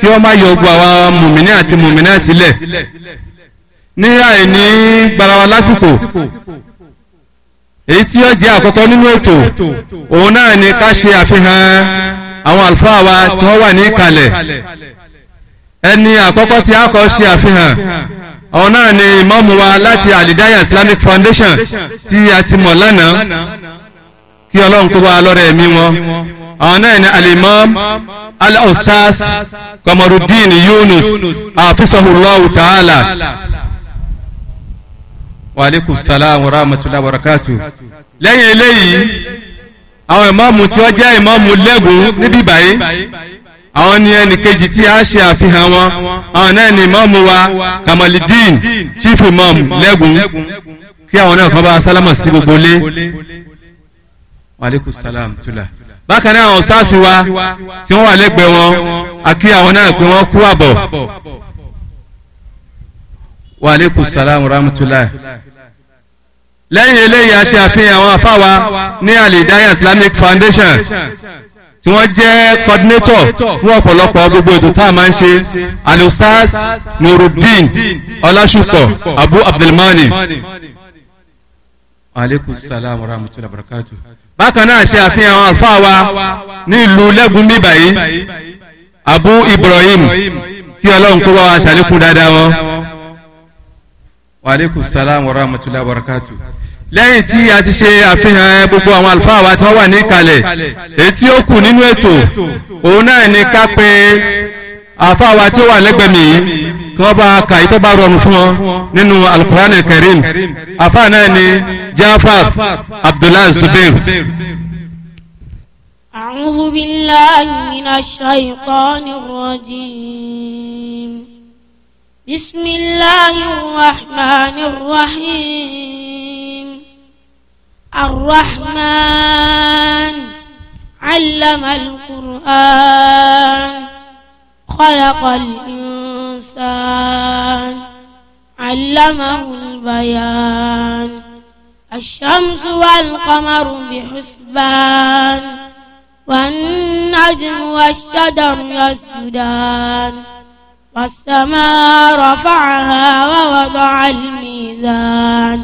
kí ó má yọ gbogbo àwa mùmíní àti mùmíní àti lẹ̀ ní àìní gbarawa lásìkò èyí tí ó jẹ́ àkọ́kọ́ nínú ètò òun náà ni ká ṣe àfihàn àwọn àlùfáà wa tí wọ́n wà ní ìkàlẹ̀ ẹni àkọ́kọ́ tí a kọ́ ṣe àfihàn àwọn náà ni ìmáàmù wa láti alidaya Islamic Foundation tí a ti mọ̀ lánàá kí ọlọ́run kó wa lọ́rẹ̀ ẹ̀mí wọn àwọn náà ni alimam al-ustaz Qamaruddin Yunus afisahullahu ta'ala wa alaikum salam wa rahmatullahi wa barakatuh lẹ́yìn eléyìí àwọn ìmáàmù tí wọ́n jẹ́ ìmáàmù lẹ́gùn níbí báyìí àwọn ni ẹnì kejì tí a ṣe àfihàn wọn àwọn náà ni ìmáàmù wa Kamalidin chief imam lẹ́gùn kí àwọn náà kan bá sálámà sí gbogbo lé bákan náà àwọn stáàsì wa tí wọ́n wà lẹ́gbẹ̀ẹ́ wọn àkí àwọn náà pé wọ́n kú àbọ̀ wa aleykum salaam wa rahmatulah lẹ́yìn eléyìí a ṣe àfihàn àwọn afáwa ní alidaya islamic foundation tí wọ́n jẹ́ coordinator fún ọ̀pọ̀lọpọ̀ gbogbo ètò tá a máa ń ṣe alustaz nuruddin ọlásùpọ̀ abu abdulmani aleykum salaam wa rahmatulah barakatuh bákan náà ṣe àfihàn àwọn àlùfáà wa ní ìlú lẹ́gùn bíbà yìí abu ibrahim kí ọlọ́run kó bá wa ṣàlékún dáadáa wọn. waaleykum salaam wa rahmatulahi wa barakatu. lẹ́yìn tí a ti ṣe àfihàn gbogbo àwọn àlùfáà wa tí wọ́n wà ní ìkàlẹ̀ èyí tí ó kù nínú ètò òun náà ni ká pé àlùfáà wa tí ó wà lẹ́gbẹ̀ẹ́ mi yìí kí wọ́n bá ka ìtọ́ bá rọrùn fún wọn nínú alukur'an karim àlùfáà náà ni. جعفر عبد الله الزبير أعوذ بالله من الشيطان الرجيم بسم الله الرحمن الرحيم الرحمن علم القرآن خلق الإنسان علمه البيان الشمس والقمر بحسبان والنجم والشجر يسجدان والسماء رفعها ووضع الميزان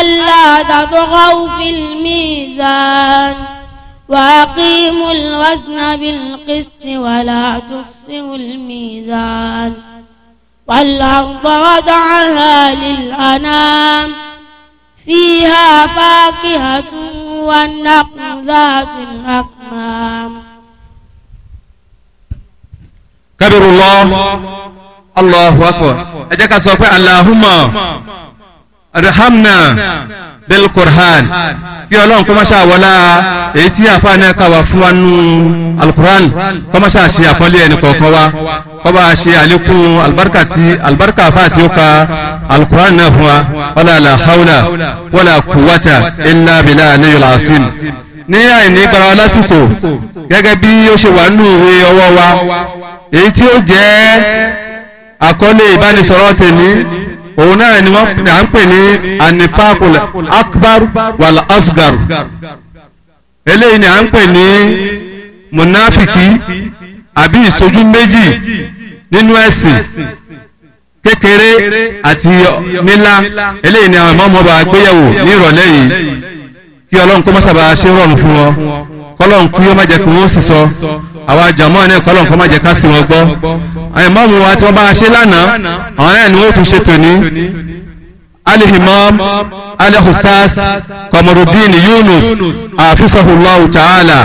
ألا تطغوا في الميزان وأقيموا الوزن بالقسط ولا تخسروا الميزان والأرض وضعها للأنام فيها فاكهة والنقل ذات الأكمام كبر الله الله أكبر أجاك سوف اللهم ارحمنا bil qur'an kí ọlọ́run kọ́ máṣá wọlá èyí tí àfa náà kà wá fún wa nù alukur'an kọ́ máṣá ṣe àpọ́nlé ẹni kọ̀ọ̀kan wa kọ́ bá ṣe àlékún albarka ti albarka àfa àti ọkà alukur'an náà fún wa wala la hawla wala quwwata illa billahi aliyul asim ní àìní gbara wa lásìkò gẹ́gẹ́ bí ó ṣe wà nínú ìwé ọwọ́ wa èyí tí ó jẹ́ àkọlé ìbánisọ̀rọ̀ tèmi òun náà ni wọ́n à ń pè ní anifakul akbar wal asgar eléyìí ni à ń pè ní munafiki àbí ìṣojú méjì nínú ẹ̀sìn kékeré àti nílá eléyìí ni àwọn bá ní ìrọ̀lẹ́ yìí kí ọlọ́run kó má sábà ṣe rọrùn fún wọn kọ́lọ́run kú yóò má àìmọ́mù wa tí wọ́n bá ṣe lana àwọn náà ni wọ́n tún ṣe tòní imam alihimam alihustas qamaruddin yunus àfisahullahu ta'ala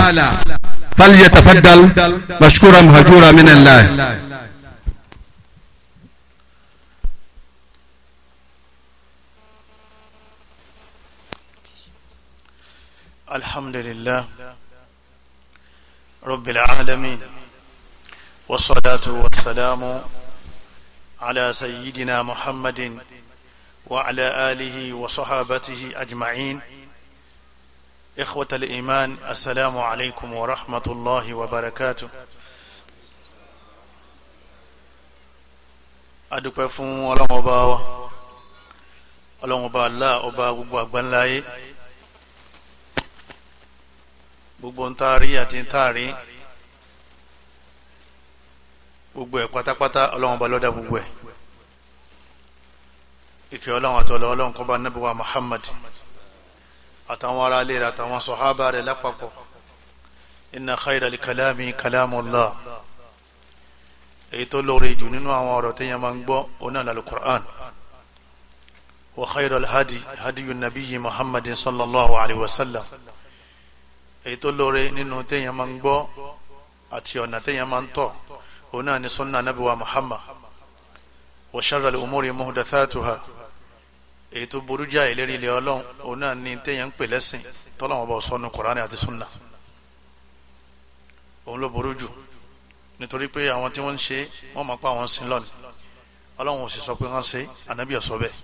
fal yatafaddal mashkura min allah الحمد لله رب العالمين والصلاة والسلام على سيدنا محمد وعلى آله وصحابته أجمعين إخوة الإيمان السلام عليكم ورحمة الله وبركاته adúpẹ́ fún ọlọ́run ọba wa ọlọ́run ọba alá ọba gbogbo àgbáńláyé gbogbo ń taari àti ń taari gbogbo ẹ̀ pátápátá ọlọ́run bá lọ́dá gbogbo ẹ̀ ìkẹ́ ọlọ́run àtọ́lọ́ ọlọ́run kọ́ bá nẹ́bùwá Muhammad àtàwọn ará ilé rẹ̀ àtàwọn sọ̀hábà rẹ̀ lápapọ̀ inna khayra li kalami kalamullah èyí tó lóore jù nínú àwọn ọ̀rọ̀ téèyàn máa ń gbọ́ oní àlàlù Qur'an wa khayra alhadi hadiyu nabiyyi Muhammadin sallallahu alayhi wa sallam èyí tó lóore nínú téèyàn máa ń gbọ́ àti ọ̀nà téèyàn máa ń tọ̀ ona ni sunna nabi wa muhammad wa sharra al umuri muhdathatuha èyí tó burú jáì lérí ilé ọlọ́run ona ni téèyàn ń pè lẹ́sìn tọ́lọ́wọ́n bá sọnù kùránì àti sunna òun ló burú jù nítorí pé àwọn tí wọ́n ń ṣe wọ́n máa pa àwọn sin lọ́nà ọlọ́run ò sì sọ pé wọ́n ṣe ànábì ọ̀sọ́ bẹ́ẹ̀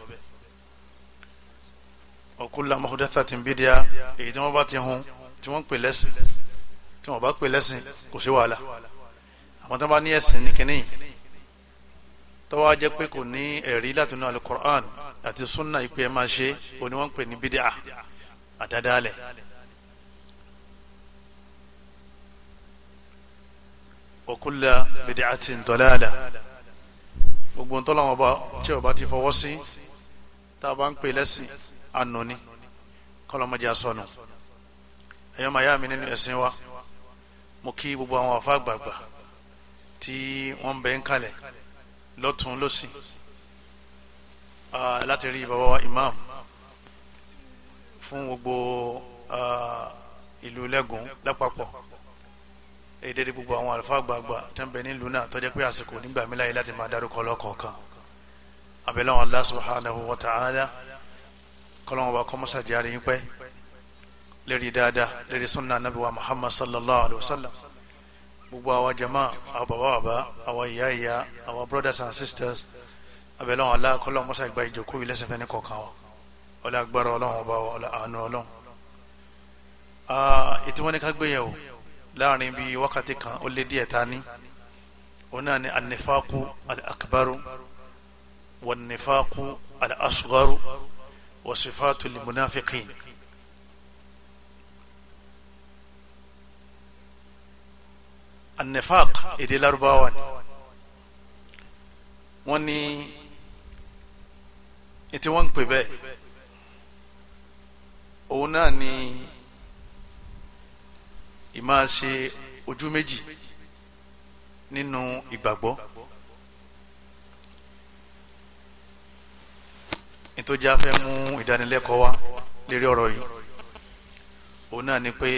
ọ̀kúlà muhdathatin bídíà èyí tí wọ́n bá ti hun tí wọ́n pè lẹ́sìn tí wọ́n bá pè lẹ́sìn kò sí wàhálà àwọn tó bá ní ẹ̀sìn ní kínní tó wá jẹ́ pé kò ní ẹ̀rí láti inú alukur'an àti sunna ìpè máa ṣe òní wọ́n ń pè ní bídíà àdádálẹ̀ wa kullu bid'atin dalalah gbogbo ń tọ́lọ́wọ́n bá tí ọba ti fọwọ́ sí tá a bá ń pè lẹ́sìn ànú ni kọ́lọ́mọdé asọ́nù ẹ̀yọ́ màyá mi nínú ẹ̀sìn wa mo kí gbogbo àwọn àfa àgbààgbà tí wọ́n bẹ̀ ń kalẹ̀ lọ́tún lọ́sìn láti rí bàbá wa imam fún gbogbo ìlú lẹ́gùn lápapọ̀ èdè di gbogbo àwọn àlùfáà gbàgbà tẹ́ ń bẹ nílùú náà tó jẹ́ pé àsìkò nígbà mi láyé láti máa dárúkọ lọ́kọ̀ọ̀kan abẹ́lẹ́wọ̀n Allah subhanahu wa ta'ala kọ́lọ́wọ́n wa kọ́mọ́sá jẹ́ àríyìn pẹ́ lérí dáadáa lérí sunna nabi wa muhammad sallallahu alaihi wa sallam gbogbo àwa jama àwa bàbá bàbá àwa ìyá ìyá àwa brothers and sisters abẹ́lẹ́ wọn aláàkọ́ lọ́wọ́ mọ́sá ìgbà ìjókòó yìí lẹ́sẹ̀ fẹ́ni kọ̀ọ̀kan wa ọlá agbára ọlọ́run ọba ọlá àánú ọlọ́run. ètò wọn ni láàrin bíi wákàtí kan ó lé díẹ̀ tání òun náà ni anifaku al wa nifaku al wa sifatu limunafiqin. anifaq èdè Lárúbáwá ni wọ́n ní ètí wọ́n ń pè bẹ́ẹ̀ òun náà ni ìmáa ṣe ojú méjì nínú ìgbàgbọ́ nítorí a fẹ́ mú ìdánilẹ́kọ̀ọ́ wá lérí ọ̀rọ̀ yìí òun náà ni pé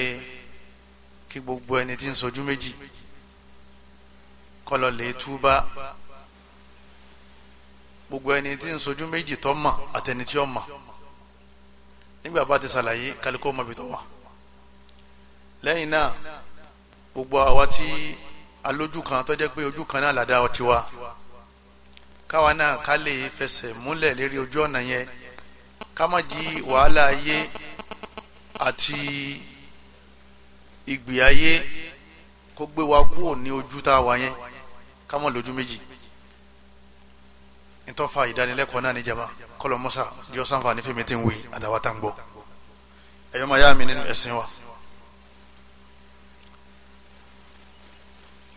kí gbogbo ẹni tí ń ṣojú méjì. So kọlọ lè túbá gbogbo ẹni tí ń sojú méjì tó mọ̀ àtẹni tí ó mọ̀ nígbà bá ti ṣàlàyé kálíkó mọ̀ bí tó wà lẹ́yìn náà gbogbo àwa tí alójú kan tó jẹ́ pé ojú kan náà làdá ọtí wa káwa náà ká lè fẹsẹ̀ múlẹ̀ lérí ojú ọ̀nà yẹn ká má jí wàhálà ayé àti ìgbé ayé kó gbé wa kúrò ní ojú tá a wà yẹn ká mọ̀ lójú méjì ntọ́fà ìdánilẹ́kọ̀ọ́ náà níjàmbá kọlọ musa yóò sanfa ní fèmí tí ń wí àdáwà tá ń gbọ́ ẹ̀yọ́ máa yá mi nínú ẹ̀sìn wa.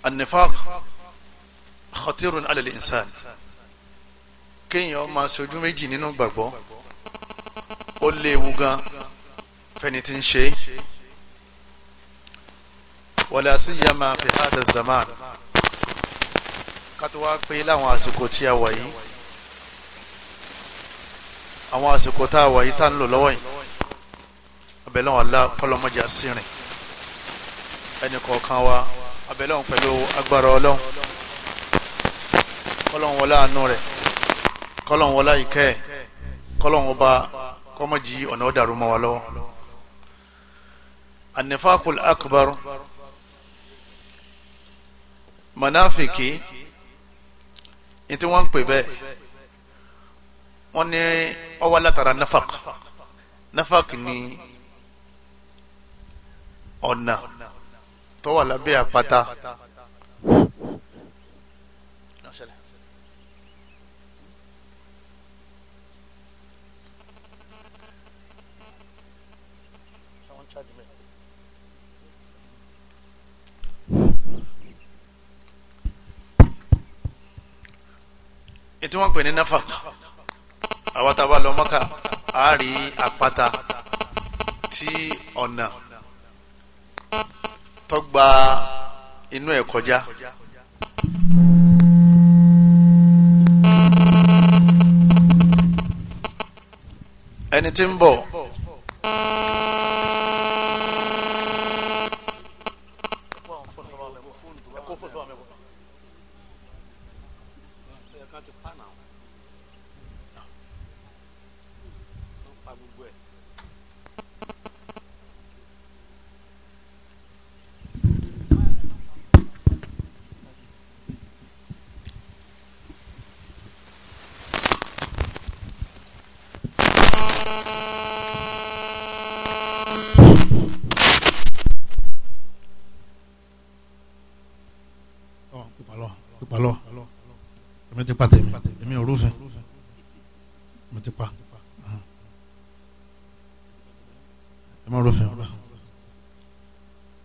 an-nifaq khatirun ala al-insan kéèyàn máa ṣojú méjì nínú gbàgbọ́ ó léwu gan fẹni tí ń ṣe wala siyama fi hada zaman ká tó wá pé láwọn àsìkò tí a wà yìí àwọn àsìkò tá a wà yìí tá a ń lò lọ́wọ́ yìí abẹ́lẹ́ wọn lá kọ́lọ́mọ́jà sí rìn ẹnì kọ̀ọ̀kan wa abẹ́lẹ́ wọn pẹ̀lú agbára ọlọ́run kọ́lọ́run wọlé rẹ̀ kọ́lọ́run wọlé ìkẹ́ ẹ̀ kọ́mọ́jì ọ̀nà ọ̀dàrú mọ́ wa lọ́wọ́ anifakul akbar manafiki ní tí wọ́n ń pè bẹ́ẹ̀ wọ́n ní ọwọ́ látara nafak nafak ni ọ̀nà tó wà lábẹ́ àpáta ètò wọn pè ní nafa àwọn tá a bá lọ mọ́kà á rí àpáta tí ọ̀nà tó inú ẹ̀ kọjá. ẹni tí ń bọ̀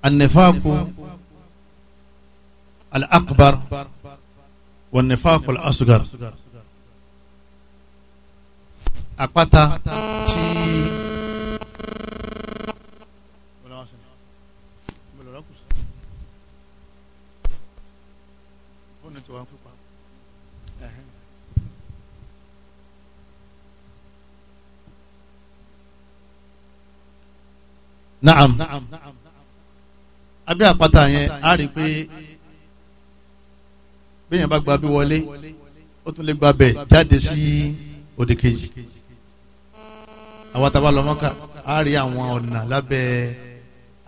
النفاق الأكبر والنفاق الأصغر أقطع abẹ́ àpáta yẹn á rí i pé bẹ́ẹ̀ bá gba bí wọlé ó tún lè gba bẹ̀ jáde sí òde kejì àwọn tá a bá lọ Mọ́kà á rí àwọn ọ̀nà lábẹ́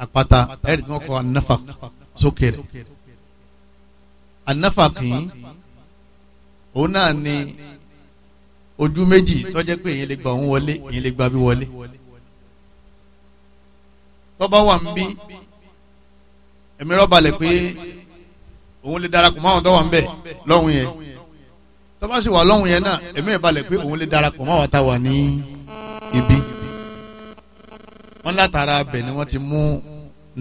àpáta ẹ̀rí tí wọ́n kọ́ anáfà sókè rẹ̀ anáfà kìí òun náà ni ojú méjì tó pé èyí lè gba òun wọlé èyí lè gba bí wọlé tó wà ń bí ẹ̀mí rọ̀ balẹ̀ pé òun lè darapọ̀ mọ́ àwọn tó wà ń bẹ̀ lọ́hùn yẹn tó bá sì wà lọ́hùn yẹn náà ẹ̀mí ẹ̀ balẹ̀ pé òun lè darapọ̀ mọ́ àwọn tá a wà ní ibi wọn látara abẹ ni wọn ti mú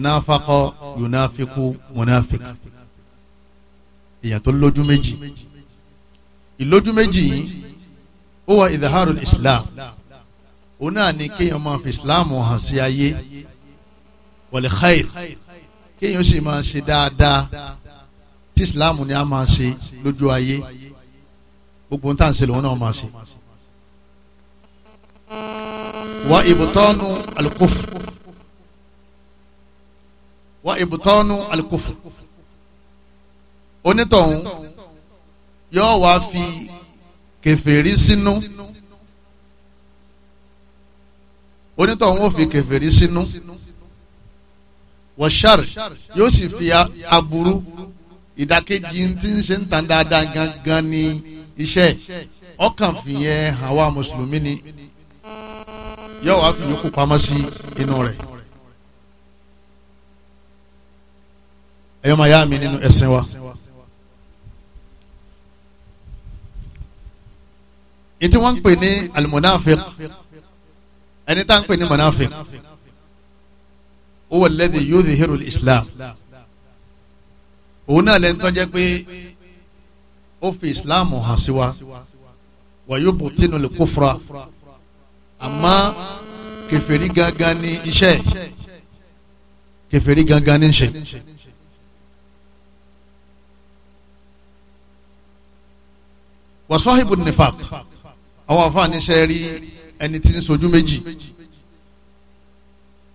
náfàkọ yunafiku munafik èèyàn tó lójú méjì ìlójú méjì yìí ó wà ìdáhàrú islam òun náà ni kéèyàn máa fi islam hàn sí ayé wal khair kéèyàn sì máa ṣe dáadáa tí islam ni a máa ṣe lójú ayé gbogbo ń tà ń ṣe lòun náà máa ṣe. wa ibutọ́nu alukófù wa ibutọ́nu alukófù onítọ̀hún yóò wá fi kèfèrí sínú onítọ̀hún ó fi kèfèrí sínú wọ́ṣàr yóò sì fi aburú ìdàkejì tí ń ṣe ń tan dáadáa gangan ní iṣẹ́ ọkàn fìyẹn àwa mùsùlùmí ni yóò wá fi yòókù pamọ́ sí inú rẹ̀. ẹ̀yọ́ máa yá mi nínú ẹ̀sìn wa. ètí wọ́n ń pè ní alimunafiq ẹni tá ń pè ní munafiq huwa alladhi yudhihiru islam òun náà lẹ́nu tó jẹ́ pé ó fi islam hàn sí wa wa yubtinu al-kufra àmọ́ kèfèrí gangan ní iṣẹ́ kèfèrí gangan ní ṣe. wa sahibu àwọn àfààní ṣe rí ẹni tí ń sojú méjì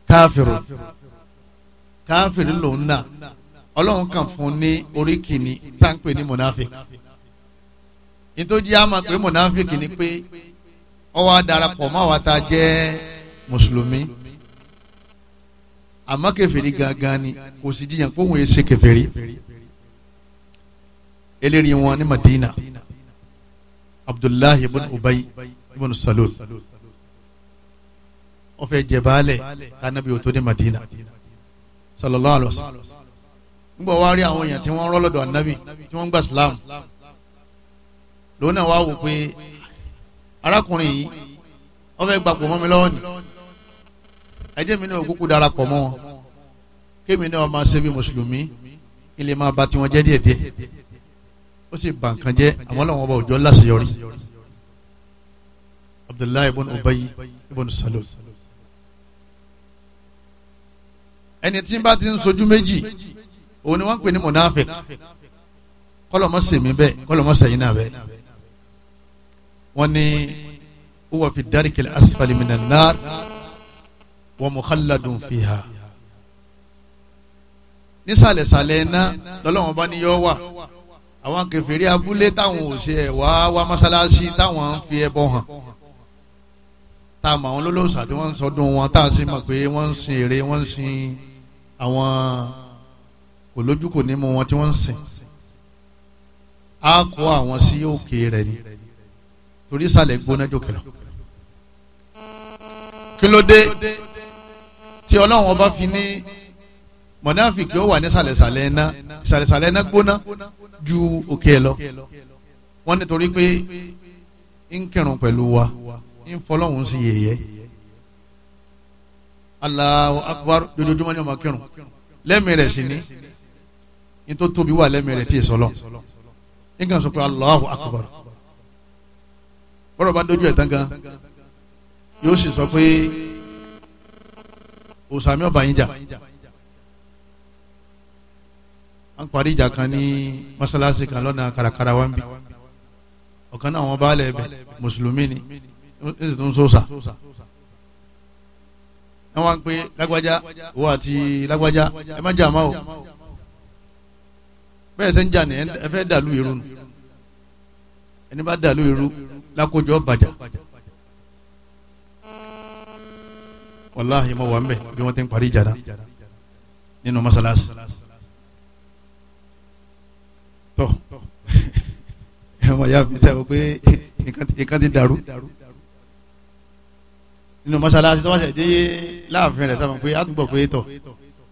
káfíìrù káfíìrì lòun náà ọlọ́run kàn fún ní orí kìíní táǹpẹ̀ ní mọ̀náfíìkì nítorí a máa pè mọ̀náfíìkì ni pé ó wá darapọ̀ mọ́ àwa tá a jẹ́ mùsùlùmí àmọ́ kẹfẹ́rí gangan ni kò sì jiyàn pé òun yẹn ṣe kẹfẹ́rí eléyìí wọn ní Madina Abdullahi ibn Ubay ibn Salul ó fẹ́ kanabi ó tó Madina. Madina sallallahu alaihi wasallam nígbà wá rí àwọn èèyàn tí wọ́n rọ́ lọ́dọ̀ ànábì tí wọ́n gbà sílámù lòun náà wá wò pé arákùnrin yìí wọ́n fẹ́ gbapò mọ́ mi lọ́wọ́ ni ẹjẹ́ mi náà kúkú darapọ̀ mọ́ wọn kémi náà máa ṣe bí mùsùlùmí ilé máa ba tiwọn jẹ́ díẹ̀díẹ̀ ó sì bà nǹkan jẹ́ àwọn làwọn ọba òjò láṣeyọrí Abdullahi ibn Ubayy ibn Salul ẹni tí bá ti ń sojú méjì òun ni wọ́n ń pè ní mọ̀nàfẹ́ kọ́lọ́mọ́ sèmi bẹ́ẹ̀ kọ́lọ́mọ́ sẹ̀yìn náà bẹ́ẹ̀ wọ́n ní huwa fi darikil asfali minan nar wa mukhalladun fiha nísàlẹ̀sàlẹ̀ iná lọ́lọ́wọ́n bá ní yọ wà àwọn kèfèrí abúlé táwọn ò ṣe ẹ̀wà wá mọ́sálásí táwọn ń fi ẹbọ hàn tá olólùsà tí wọ́n ń sọdún wọn tá sì mọ̀ pé wọ́n ń sin ère wọ́n ń sin àwọn kò lójú kò ní mu wọn tí wọ́n ń sìn á kó àwọn sí òkè rẹ̀ ni torí ìsàlẹ̀ gbóná jòkè lọ. kí ló dé tí ọlọ́run ọba fi ní mọ̀náfìkì ó wà ní ìsàlẹ̀sàlẹ̀ iná ìsàlẹ̀sàlẹ̀ iná gbóná ju òkè lọ wọ́n nítorí pé ń kírun pẹ̀lú wa ń fọlọ́hún sí yẹ̀yẹ́. Allahu akbar dojoojúmọ́ ni ọmọ kírun lẹ́mìí rẹ̀ sì ní ní tó tóbi wà lẹ́mìí rẹ̀ tí ì sọlọ́ nǹkan sọ pé Allahu akbar bọ́dọ̀ bá dojú ẹ̀ tán gan yóò sì sọ pé òsàmì ọba yín jà à ń parí ìjà kan ní mọ́sálásí kan lọ́nà kàràkàrà wa ń bì ọ̀kan náà wọn bá lẹ̀ bẹ̀ mùsùlùmí ni ó sì tún sọ́sà wọ́n wá ń pé lágbájá owó àti lágbájá ẹ má jà má o bẹ́ẹ̀ sẹ́ ń jà ní ẹ fẹ́ dàlú irú nu ẹni bá dàlú irú lákòjọ́ bàjá wàláhì mọ̀ wà ń bẹ̀ bí wọ́n ti ń parí ìjà náà nínú mọ́sálásí tọ́ ẹ̀ wọ́n yá mi sẹ́wọ́ pé nǹkan ti dàrú nínú mọ́sálásí tó wá sẹ̀ dé láàfin rẹ̀ sábà pé àtúgbò pé tọ̀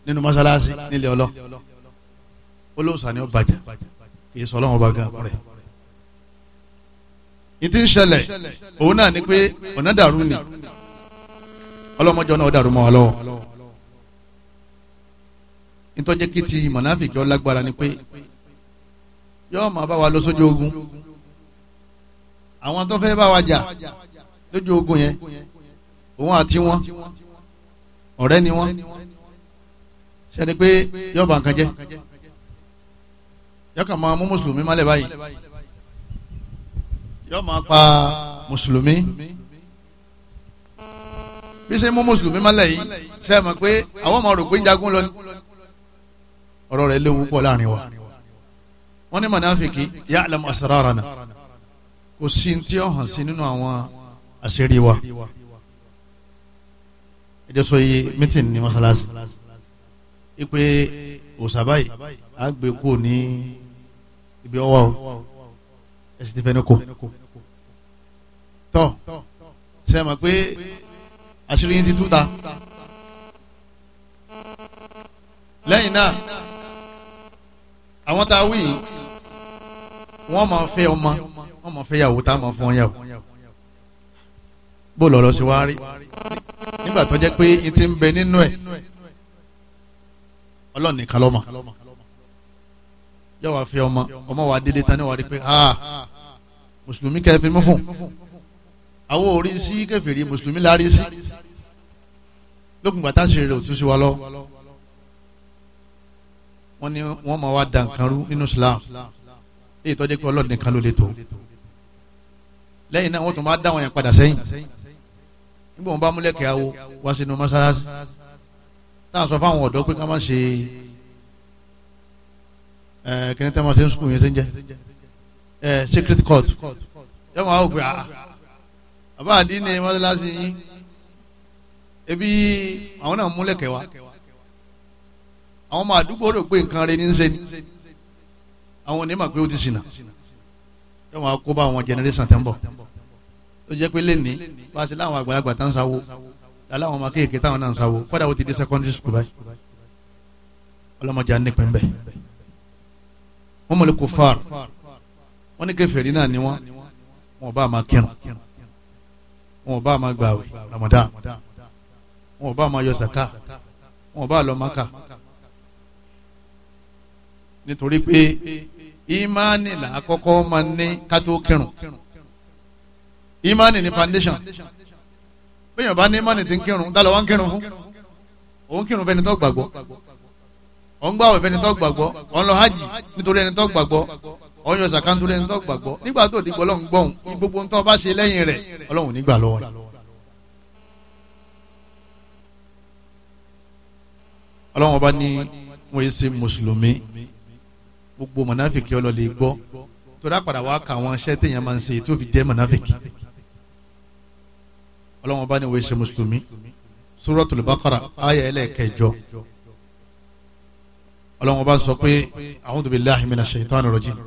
nínú mọ́sálásí nílẹ̀ ọlọ́ olóòsàn ni ó bàjẹ́ kì í sọ ọlọ́run ọba gan rẹ̀ ìtì ń ṣẹlẹ̀ òun náà ni pé ọ̀nà dàrú ni ọlọ́mọjọ náà dàrú mọ́ ọ lọ́wọ́ ìtọ́jẹ́ kí ti mọ̀náfìkì ọlágbára ni pé yọ́ọ́ máa bá wa lọ sójú ogun àwọn tó fẹ́ bá wa jà lójú ogun yẹn òun àti wọn ọ̀rẹ́ ni wọn sẹ́ni pé yọba nǹkan jẹ́ yọkà máa mú mùsùlùmí má lẹ̀ báyìí yọ máa pa mùsùlùmí bí ṣe mú mùsùlùmí má lẹ̀ yìí ṣe é mọ̀ pé àwọn ọmọ rò pé ń jagun lọ ọ̀rọ̀ rẹ̀ léwu pọ̀ láàrin wa wọ́n ní mọ̀nàfíkì ya'lamu asrarana kò sí ti ọ̀hàn sí nínú àwọn àṣírí wa ẹjọ́ sọ yìí mítìn ní mọ́sálásí ipe òsàbáyì á gbé kó ní ibi ọwọ́ o ẹsì ti fẹ́ni kó tọ́ ṣe mọ̀ pé àṣírí yín ti tú ta lẹ́yìn náà àwọn tá a wí yìí wọ́n máa fẹ́ ọmọ wọ́n máa fẹ́ yàwó tá a máa fọ́ yàwó bó lọ̀rọ̀ ṣe wá rí nígbà tó jẹ́ pé n ti ń bẹ nínú ẹ̀ ọlọ́run nìkan lọ́mọ yóò wá fi ọmọ ọmọ wa délé tán ní wàá rí pé ah mùsùlùmí kẹfì mú fún àwọn orí sí kẹfìrí mùsùlùmí lárí sí lókun gbàtà ṣe rè òtún sí wa lọ wọn ni wọn máa wá da nǹkan rú nínú Islam èyí tó pé ọlọ́run nìkan ló lè tó lẹ́yìn náà wọ́n tún máa dá wọn yẹn padà sẹ́yìn nígbà wọn bá múlẹ̀ kí awo wá sínú mọ́sálásí tá à ń sọ fáwọn ọ̀dọ́ pé ká má ṣe ẹ kíni tẹ́ ma ṣe ń sukùn yẹn ṣe ń jẹ ẹ secret court yẹ wọn àwọn òpè ah, àá àbá àdínní mọ́sálásí yín ebi àwọn náà múlẹ̀ kẹwàá àwọn ọmọ àdúgbò rò pé nǹkan rẹ ní ń ṣe ni àwọn onímọ̀ pé ó ti ṣìnà yẹ wọn kó bá àwọn generation tẹ́ ń bọ̀ tó jẹ́ pé lẹ́ni wá sí láwọn àgbàlagbà tá ń sáwó láwọn ọmọ kéèké táwọn náà ń sáwó kọ́dà ó ti dé secondary school báyìí ọlọ́mọdé á nípìn bẹ́ẹ̀ wọ́n mọ̀lẹ́ kó far wọ́n ní kèfèrí náà ni wọ́n wọn bá máa kírun wọn bá máa gbààwẹ̀ Ramadan wọn bá máa yọ sàká wọn bá lọ Mákà nítorí pé ìmánìlá àkọ́kọ́ máa ní kátó kírun imani ni foundation bẹ́ẹ̀ bá ní imani ti ń kírun dálọ́ wá ń kírun fún òun kírun fẹ́ni tó gbàgbọ́ òun gbàwẹ̀ fẹ́ni tó gbàgbọ́ òun lọ hajj nítorí ẹni tó gbàgbọ́ òun yọ sàkà nítorí ẹni tó gbàgbọ́ nígbà tó ti gbọ́lọ́ ń gbọ́hùn gbogbo ń tọ́ bá ṣe lẹ́yìn rẹ̀ ọlọ́run nígbà lọ́wọ́ rẹ̀ ọlọ́run ọba ní wọ́n yé ṣe mùsùlùmí gbogbo mọ̀náfìkì ọlọ́lẹ̀ gbọ́ torí àpàdà wa kà àwọn aṣẹ́ téèyàn máa ń ṣe tó fi jẹ́ mọ̀náfìkì ọlọ́wọ́n bá ní òwe ṣe mùsùlùmí suratul baqara ayé ẹlẹ́ẹ̀kẹjọ ọlọ́wọ́n bá sọ pé a'udhu billahi minash shaitani rajim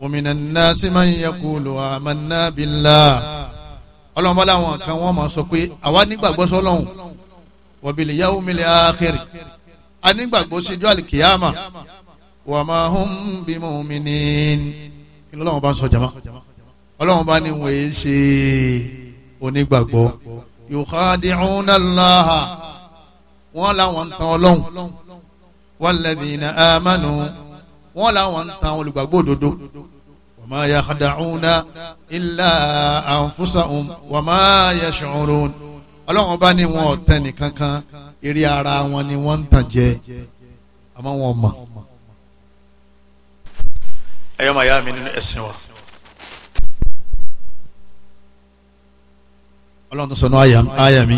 wa minan nasi man yaqulu amanna billah ọlọ́wọ́n bá láwọn kan wọ́n máa sọ pé àwa nígbàgbọ́ sọ́lọ́hún wa bil yawmil akhir a nígbàgbọ́ síjọ́ àlìkìyàmà wa ma hum bimu'minin kí lọ́wọ́n bá sọ jama ọlọ́wọ́n bá ní wọ́n ṣe é onígbàgbọ́ yukhadi'una Allaha wọ́n làwọn ń tan ọlọ́run walladhina amanu wọ́n làwọn ń tan olùgbàgbọ́ òdodo wa ma yakhda'una illa anfusahum wa ma yash'urun ọlọ́run bá ní wọn ọ̀tẹ̀ nìkankan eré ara wọn ni wọ́n ń tàn jẹ àmọ́ wọn mọ̀. ẹ̀yọ́ màá yá mi nínú ẹ̀sìn wa. ọlọ́run tó sọnù àyà mi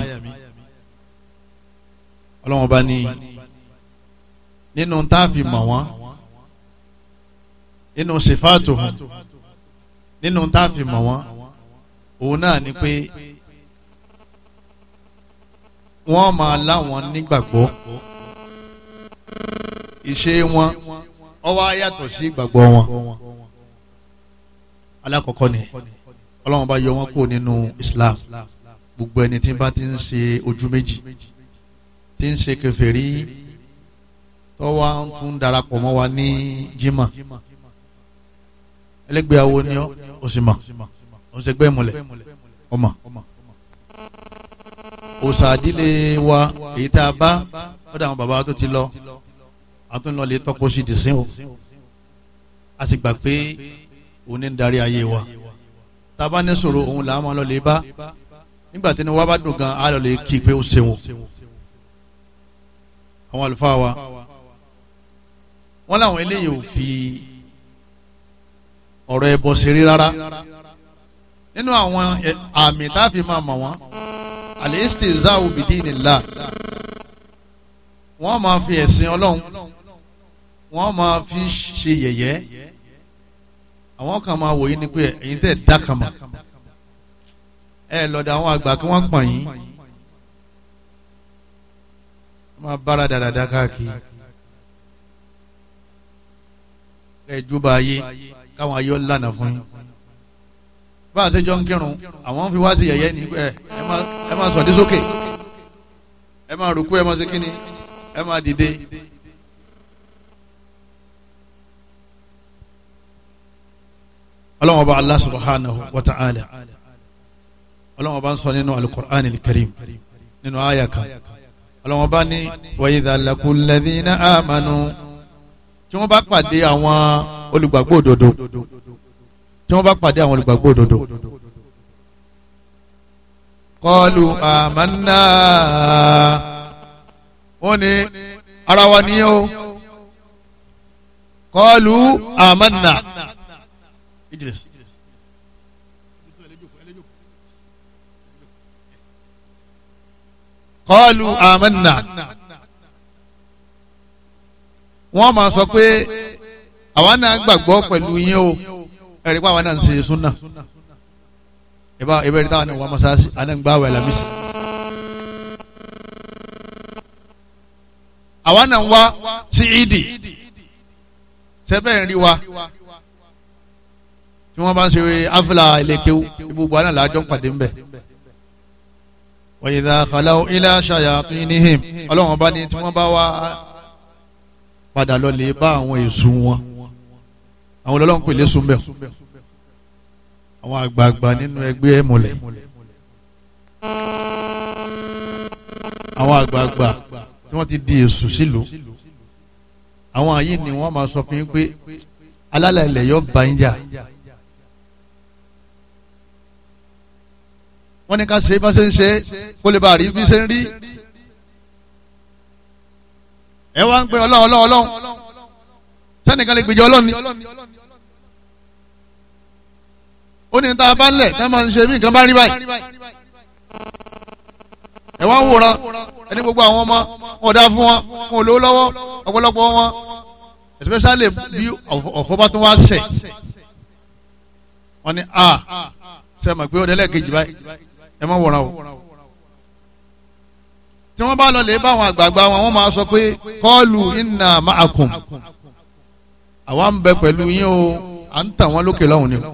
ọlọ́run bá ní nínú tá mọ̀ wọ́n nínú sèfáàtò hàn nínú tá mọ̀ wọ́n òun náà ni pé wọ́n máa láwọn nígbàgbọ́ ìṣe wọn ó wá sí ìgbàgbọ́ wọn alákọ̀ọ́kọ́ ni ọlọ́run bá yọ wọn kúrò nínú Islam. Islam gbogbo ẹni tí bá ti ń ṣe ojú méjì tí ń ṣe kèfèrí tọ́wá ń tún darapọ̀ mọ́ wa ní jimá ẹlẹ́gbẹ́ awo ni ọ́ o sì mọ̀ o sì gbẹ́ ìmùlẹ̀ ọmọ òsàdílé wa èyí tá a bá lọ́dọ̀ àwọn bàbá tó ti lọ àtúnlọ lè tọ́kọ sí ìdìsín o a sì gbà pé òun ní darí ayé wa tá a bá ní sọ̀rọ̀ òun làá máa lọ lè bá nígbà tí ni wọ́n bá dùn gan á lọ lè kí pé ó ṣeun àwọn àlùfáà wa wọ́n láwọn eléyìí ò fi ọ̀rọ̀ ẹbọ ṣeré rárá nínú àwọn àmì tá a fi máa mọ̀ wọ́n al-istihza'u bidinillah wọ́n máa fi ẹ̀sìn ọlọ́run wọ́n máa fi ṣe yẹ̀yẹ́ àwọn kan máa wòye ni pé ẹ̀yin tẹ̀ dákàmà ẹ lọ́dọ̀ àwọn àgbà kí wọ́n pọ̀n yín máa bára dáradára káàkiri ẹ júbà ayé káwọn ayé lànà fún yín bá a ṣe jọ ń kírun àwọn fi wá sí yẹ̀yẹ́ ní ẹ ẹ máa sọ̀dí sókè ẹ máa rúkú ẹ máa ṣe kíni ẹ máa dìde. ọlọ́wọ́n bá Allah subhanahu wa ta'ala ọlọ́wọ́n bá ń sọ nínú alukur'an alkarim nínú àyà kan ọlọ́wọ́n bá ní wa idha laqul ladhina amanu tí wọ́n bá pàdé àwọn olùgbàgbọ́ òdodo tí wọ́n bá pàdé àwọn olùgbàgbọ́ òdodo qalu amanna wọ́n ní ara wa ni ó qalu amanna. Idris. kọ́ọ̀lù àmánà wọ́n máa sọ pé àwa náà gbàgbọ́ pẹ̀lú yín o ẹ̀rí pé àwa náà ń ṣe súnà ìbá ìbá ìdí táwọn ẹ̀wọ̀n mọ́sáàsì anáǹgbá wà lámísì. àwa náà ń wá sí ìdì sẹ́bẹ̀ ń wa tí wọ́n bá ń ṣe afúlà ilé kéwú ibùgbọ́ náà làájọ́ ń pàdé ń bẹ̀. وإذا خلوا إلى شياطينهم ọlọ́run bá ní tí wọ́n bá wá padà lọ lè bá àwọn èṣù wọn àwọn ọlọ́run pè lé sunbẹ̀ àwọn àgbààgbà nínú ẹgbẹ́ ẹ̀mọ̀lẹ̀ àwọn àgbààgbà tí wọ́n ti di èṣù sílùú àwọn àyè ni wọ́n máa sọ fún yín pé alálẹ̀ ilẹ̀ yọ bá yín jà wọ́n ní ká ṣe bá ṣe ń ṣe kó lè bá rí bí ṣe ń rí ẹ wá ń pè ọlọ́run ọlọ́run ọlọ́run sẹ́nìkan lè gbèjọ ọlọ́run ni ó ní tá a bá ń lẹ̀ tá a máa ń ṣe bí nǹkan bá rí báyìí ẹ wá ń wòran ẹni gbogbo àwọn ọmọ wọn ò dáa fún wọn wọn ò lówó lọ́wọ́ ọ̀pọ̀lọpọ̀ wọn especially bí ọ̀fọ̀ bá tún wá ṣẹ̀ wọ́n ní a ah, ṣe mọ̀ pé ó báyìí ẹ má wòran o tí wọ́n bá lọ lè bá àwọn àgbààgbà wọn wọ́n máa sọ pé kọ́ọ̀lù iná ma'akum àwa ń bẹ pẹ̀lú yín o à ń tàn wọ́n lókè lọ́hùn ni o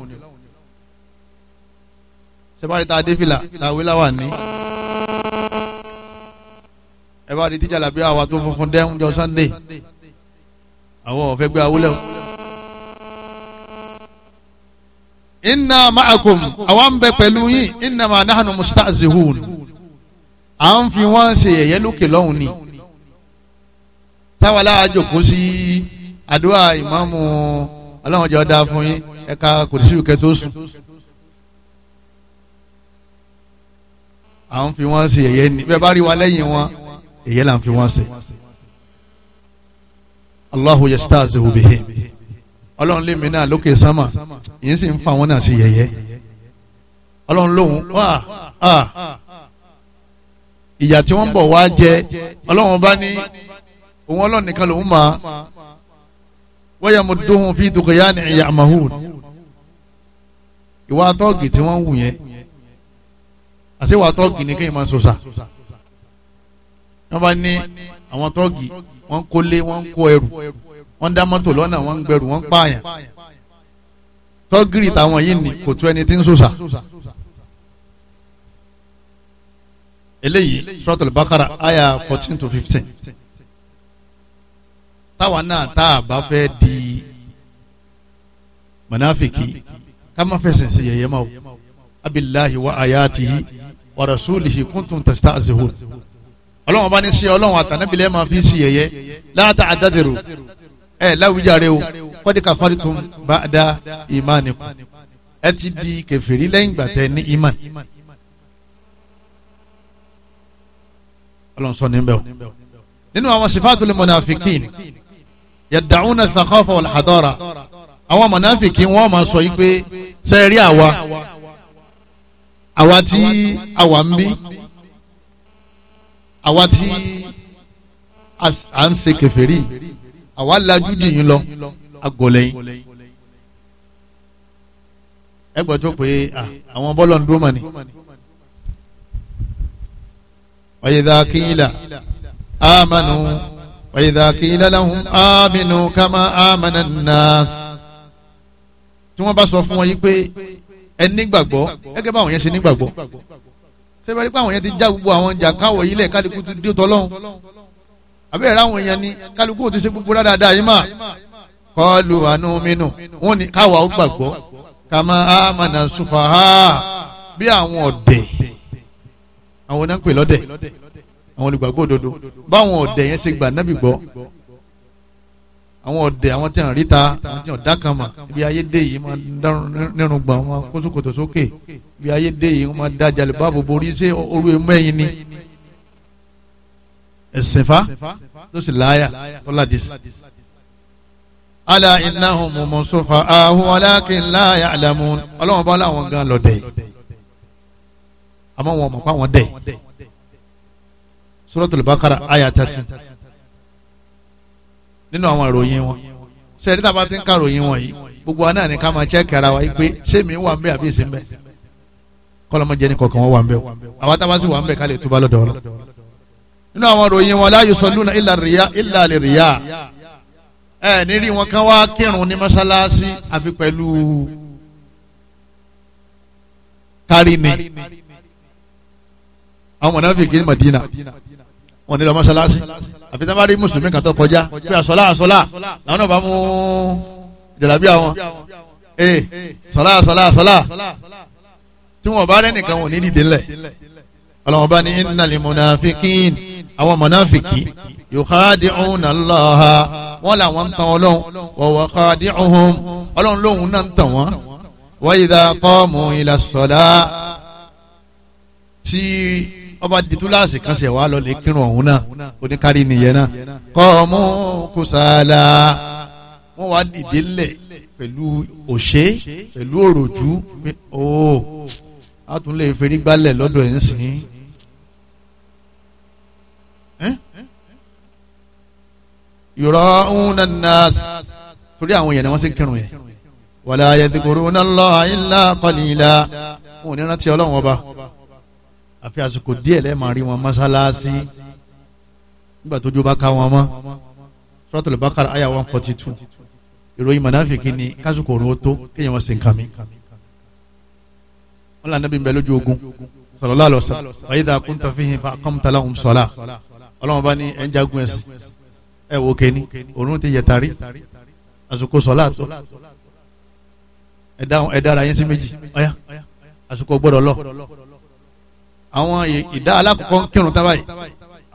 sẹ́bàárì tá a dé fìlà làwé láwà ní ẹ bá rí tíjà làbí àwa tó funfun dẹ́hùn jọ Sunday àwọn ò gbé awúlẹ̀ o. inna ma'akum àwa ń bẹ pẹ̀lú yín innama nahnu mustahzihun à ń fi wọ́n ṣe yẹ̀yẹ́ lókè lọ́hùn ni táwa láàjò kó sí àdúrà ìmáàmù ọlọ́run jọ dáa fún yín ẹ̀ka kò sí ìkẹ́ tó sùn. à ń fi wọ́n ṣe yẹ̀yẹ́ ni bẹ́ẹ̀ bá rí wa lẹ́yìn wọn yẹ̀yẹ́ là ń fi wọ́n ṣe. Allahu yastahzihu bihim ọlọ́run lé mi náà lókè sánmà yìí sì ń fa àwọn náà sí yẹ̀yẹ́ ọlọ́run lóhùn wá à ìyà tí wọ́n ń bọ̀ wá jẹ ọlọ́run bá ní òun ọlọ́run nìkan lòún mà á wọ́yà mo dóhun fi dùkọ̀yà ní ìyá àmàhùn ìwà àtọ́gì tí wọ́n wù yẹn àti àtọ́gì ni kéèyàn máa ń sòsà wọ́n bá ní àwọn tọ́gì wọ́n kólé wọ́n kó ẹrù wọ́n dá mọ́tò lọ́nà wọ́n ń gbẹrù wọ́n ń pààyàn tọ́gìrì táwọn yìí ni kò tó ẹni tí ń sòsà eléyìí suratul bakara aya fourteen to fifteen táwa náà tá a bá fẹ́ di mọ̀náfìkì ká má fẹsẹ̀ sí yẹ̀yẹ́ ma o abillahi wa ayati wa rasulihi kuntum tastahzihun ọlọ́wọ́n bá ní sí ọlọ́wọ́n àtànábìlẹ̀ máa fi sí yẹ̀yẹ́ la ta'tadiru ẹ láwùjáre o kọ́dí kàfárí tó ń bá da ìmánì kù ẹ ti di kèfèrí lẹ́yìn ìgbà tẹ ní ìmánì. ọlọ́run sọ níbẹ̀ o nínú àwọn sifáàtú lè mọ̀nàfíkìn yàdàún àtàkọ́fọ̀ ọ̀làdọ́ra àwọn mọ̀nàfíkìn wọ́n máa sọ yìí pé sẹ́ẹ̀rí àwa àwa tí àwa ń bí àwa tí à ń ṣe kèfèrí àwa lajú dì yín lọ agọ̀lẹ́yìn ẹ gbọ́ tó pé àwọn bọ́lọ̀ ń dúró mọ̀ ni wàyídà kíyìlà àmànù wàyídà kíyìlà lahum àmìnù kàmá àmànà nàás tí wọ́n bá sọ fún wọn yìí pé ẹ nígbàgbọ́ gẹ́gẹ́ báwọn yẹn ṣe nígbàgbọ́ sẹ́fẹ̀rí pé àwọn yẹn ti já gbogbo àwọn jà káwọ̀ yìí lẹ̀ kálukú ti dé tọ́lọ́hún àbẹ́ ẹ̀rọ àwọn èèyàn ni kálukú ò ti ṣe gbogbo dáadáa yìí mà kọ́ọ̀lù àánú mínú wọn ni káwa ó gbàgbọ́ kàmá àmàna sùfàhà bí àwọn ọ̀dẹ̀ àwọn náà ń pè lọ́dẹ̀ àwọn olùgbàgbọ́ òdodo báwọn ọ̀dẹ̀ yẹn ṣe gbà nábì gbọ́ àwọn ọ̀dẹ̀ àwọn tí wọ́n rí ta àwọn tí wọ́n dá kan mà ibi ayé dé yìí máa dárun nírun gbà wọn kótókòtò sókè ibi ayé dé yìí wọ́n máa dá jalè báàbò borí ṣé orú emú ẹ̀yìn ni ẹ̀sìnfà tó sì láyà tó ládìsí. ala innahum musufa'ahu walakin la ya'lamun ọlọ́wọ́n bá láwọn gan lọ́dẹ̀ àmọ́ wọn mọ̀ pa wọn dẹ̀ suratul bakara aya thirty nínú àwọn ìròyìn wọn ṣe ní tàbá ti ń ka ìròyìn wọn yìí gbogbo wa náà ní ká máa chẹ́ẹ̀kì ara wa yìí pé ṣé mi wà ń bẹ àbí èsì bẹ kọ́lọ́mọ kọ̀ọ̀kan wọn wà ń bẹ àwa tábà sì wà ń bẹ ká lè túbọ̀ lọ́dọ̀ ọlọ́ nínú àwọn ròyìn wọn la yusalluna illa riya illa li riya ẹ ní rí wọn kan wá kírun ní mọ́sálásí àfi pẹ̀lú kárìmì àwọn mọ̀nàfíkì ní Madina wọn ní lọ mọ́sálásí àfi tí wọn bá rí mùsùlùmí kan tó kọjá pé àsọlá àsọlá làwọn náà bá mú jàlábí àwọn ee sọlá sọlá sọlá tí wọn bá rẹ nìkan wọn ní dìde lẹ ọlọmọba ní innal munafiqin àwọn mọ̀nàfìkì yukhadi'una Allah wọ́n làwọn ń tan ọlọ́run wa huwa khadi'uhum ọlọ́run lóhun náà ń tàn wọ́n wa idha qamu ila salah tí ọba dìtúláàsì kan ṣe wà lọ́lẹ̀ kírun ọ̀hún náà oníkárí nìyẹn náà qamu kusala wọ́n wá dìde lẹ̀ pẹ̀lú òṣè pẹ̀lú òròjú ó àtúnlẹ̀ ìfẹ́rí lọ́dọ̀ ẹ̀ ń sìn yura'una an-nas torí àwọn èèyàn ni wọ́n ti ń kírun yẹn wala yadhkuruna Allaha illa qalila wọn ò ní rántí ọlọ́run ọba àfi àsìkò díẹ̀ lẹ́ẹ̀ máa rí wọn mọ́sálásí nígbà tó jó bá ká wọn mọ́ Suratul Baqara àyà one forty two ìròyìn mọ̀nàfíkì ni kásìkò òun ó tó wọn sì ń wọn là ń dábìí ogun sallallahu alaihi wasallam wa idha fa aqamta lahum ọlọ́run bá ní ẹ̀ ń jagun ẹ̀sìn ẹ̀ wò kéni òun ti yẹ tari àsìkò sọ̀lá àtọ́ ẹ̀ dára yín sí méjì ọ̀yá àsìkò gbọ́dọ̀ lọ àwọn ìdá alákọ̀ọ́kọ́ kírun tábà yìí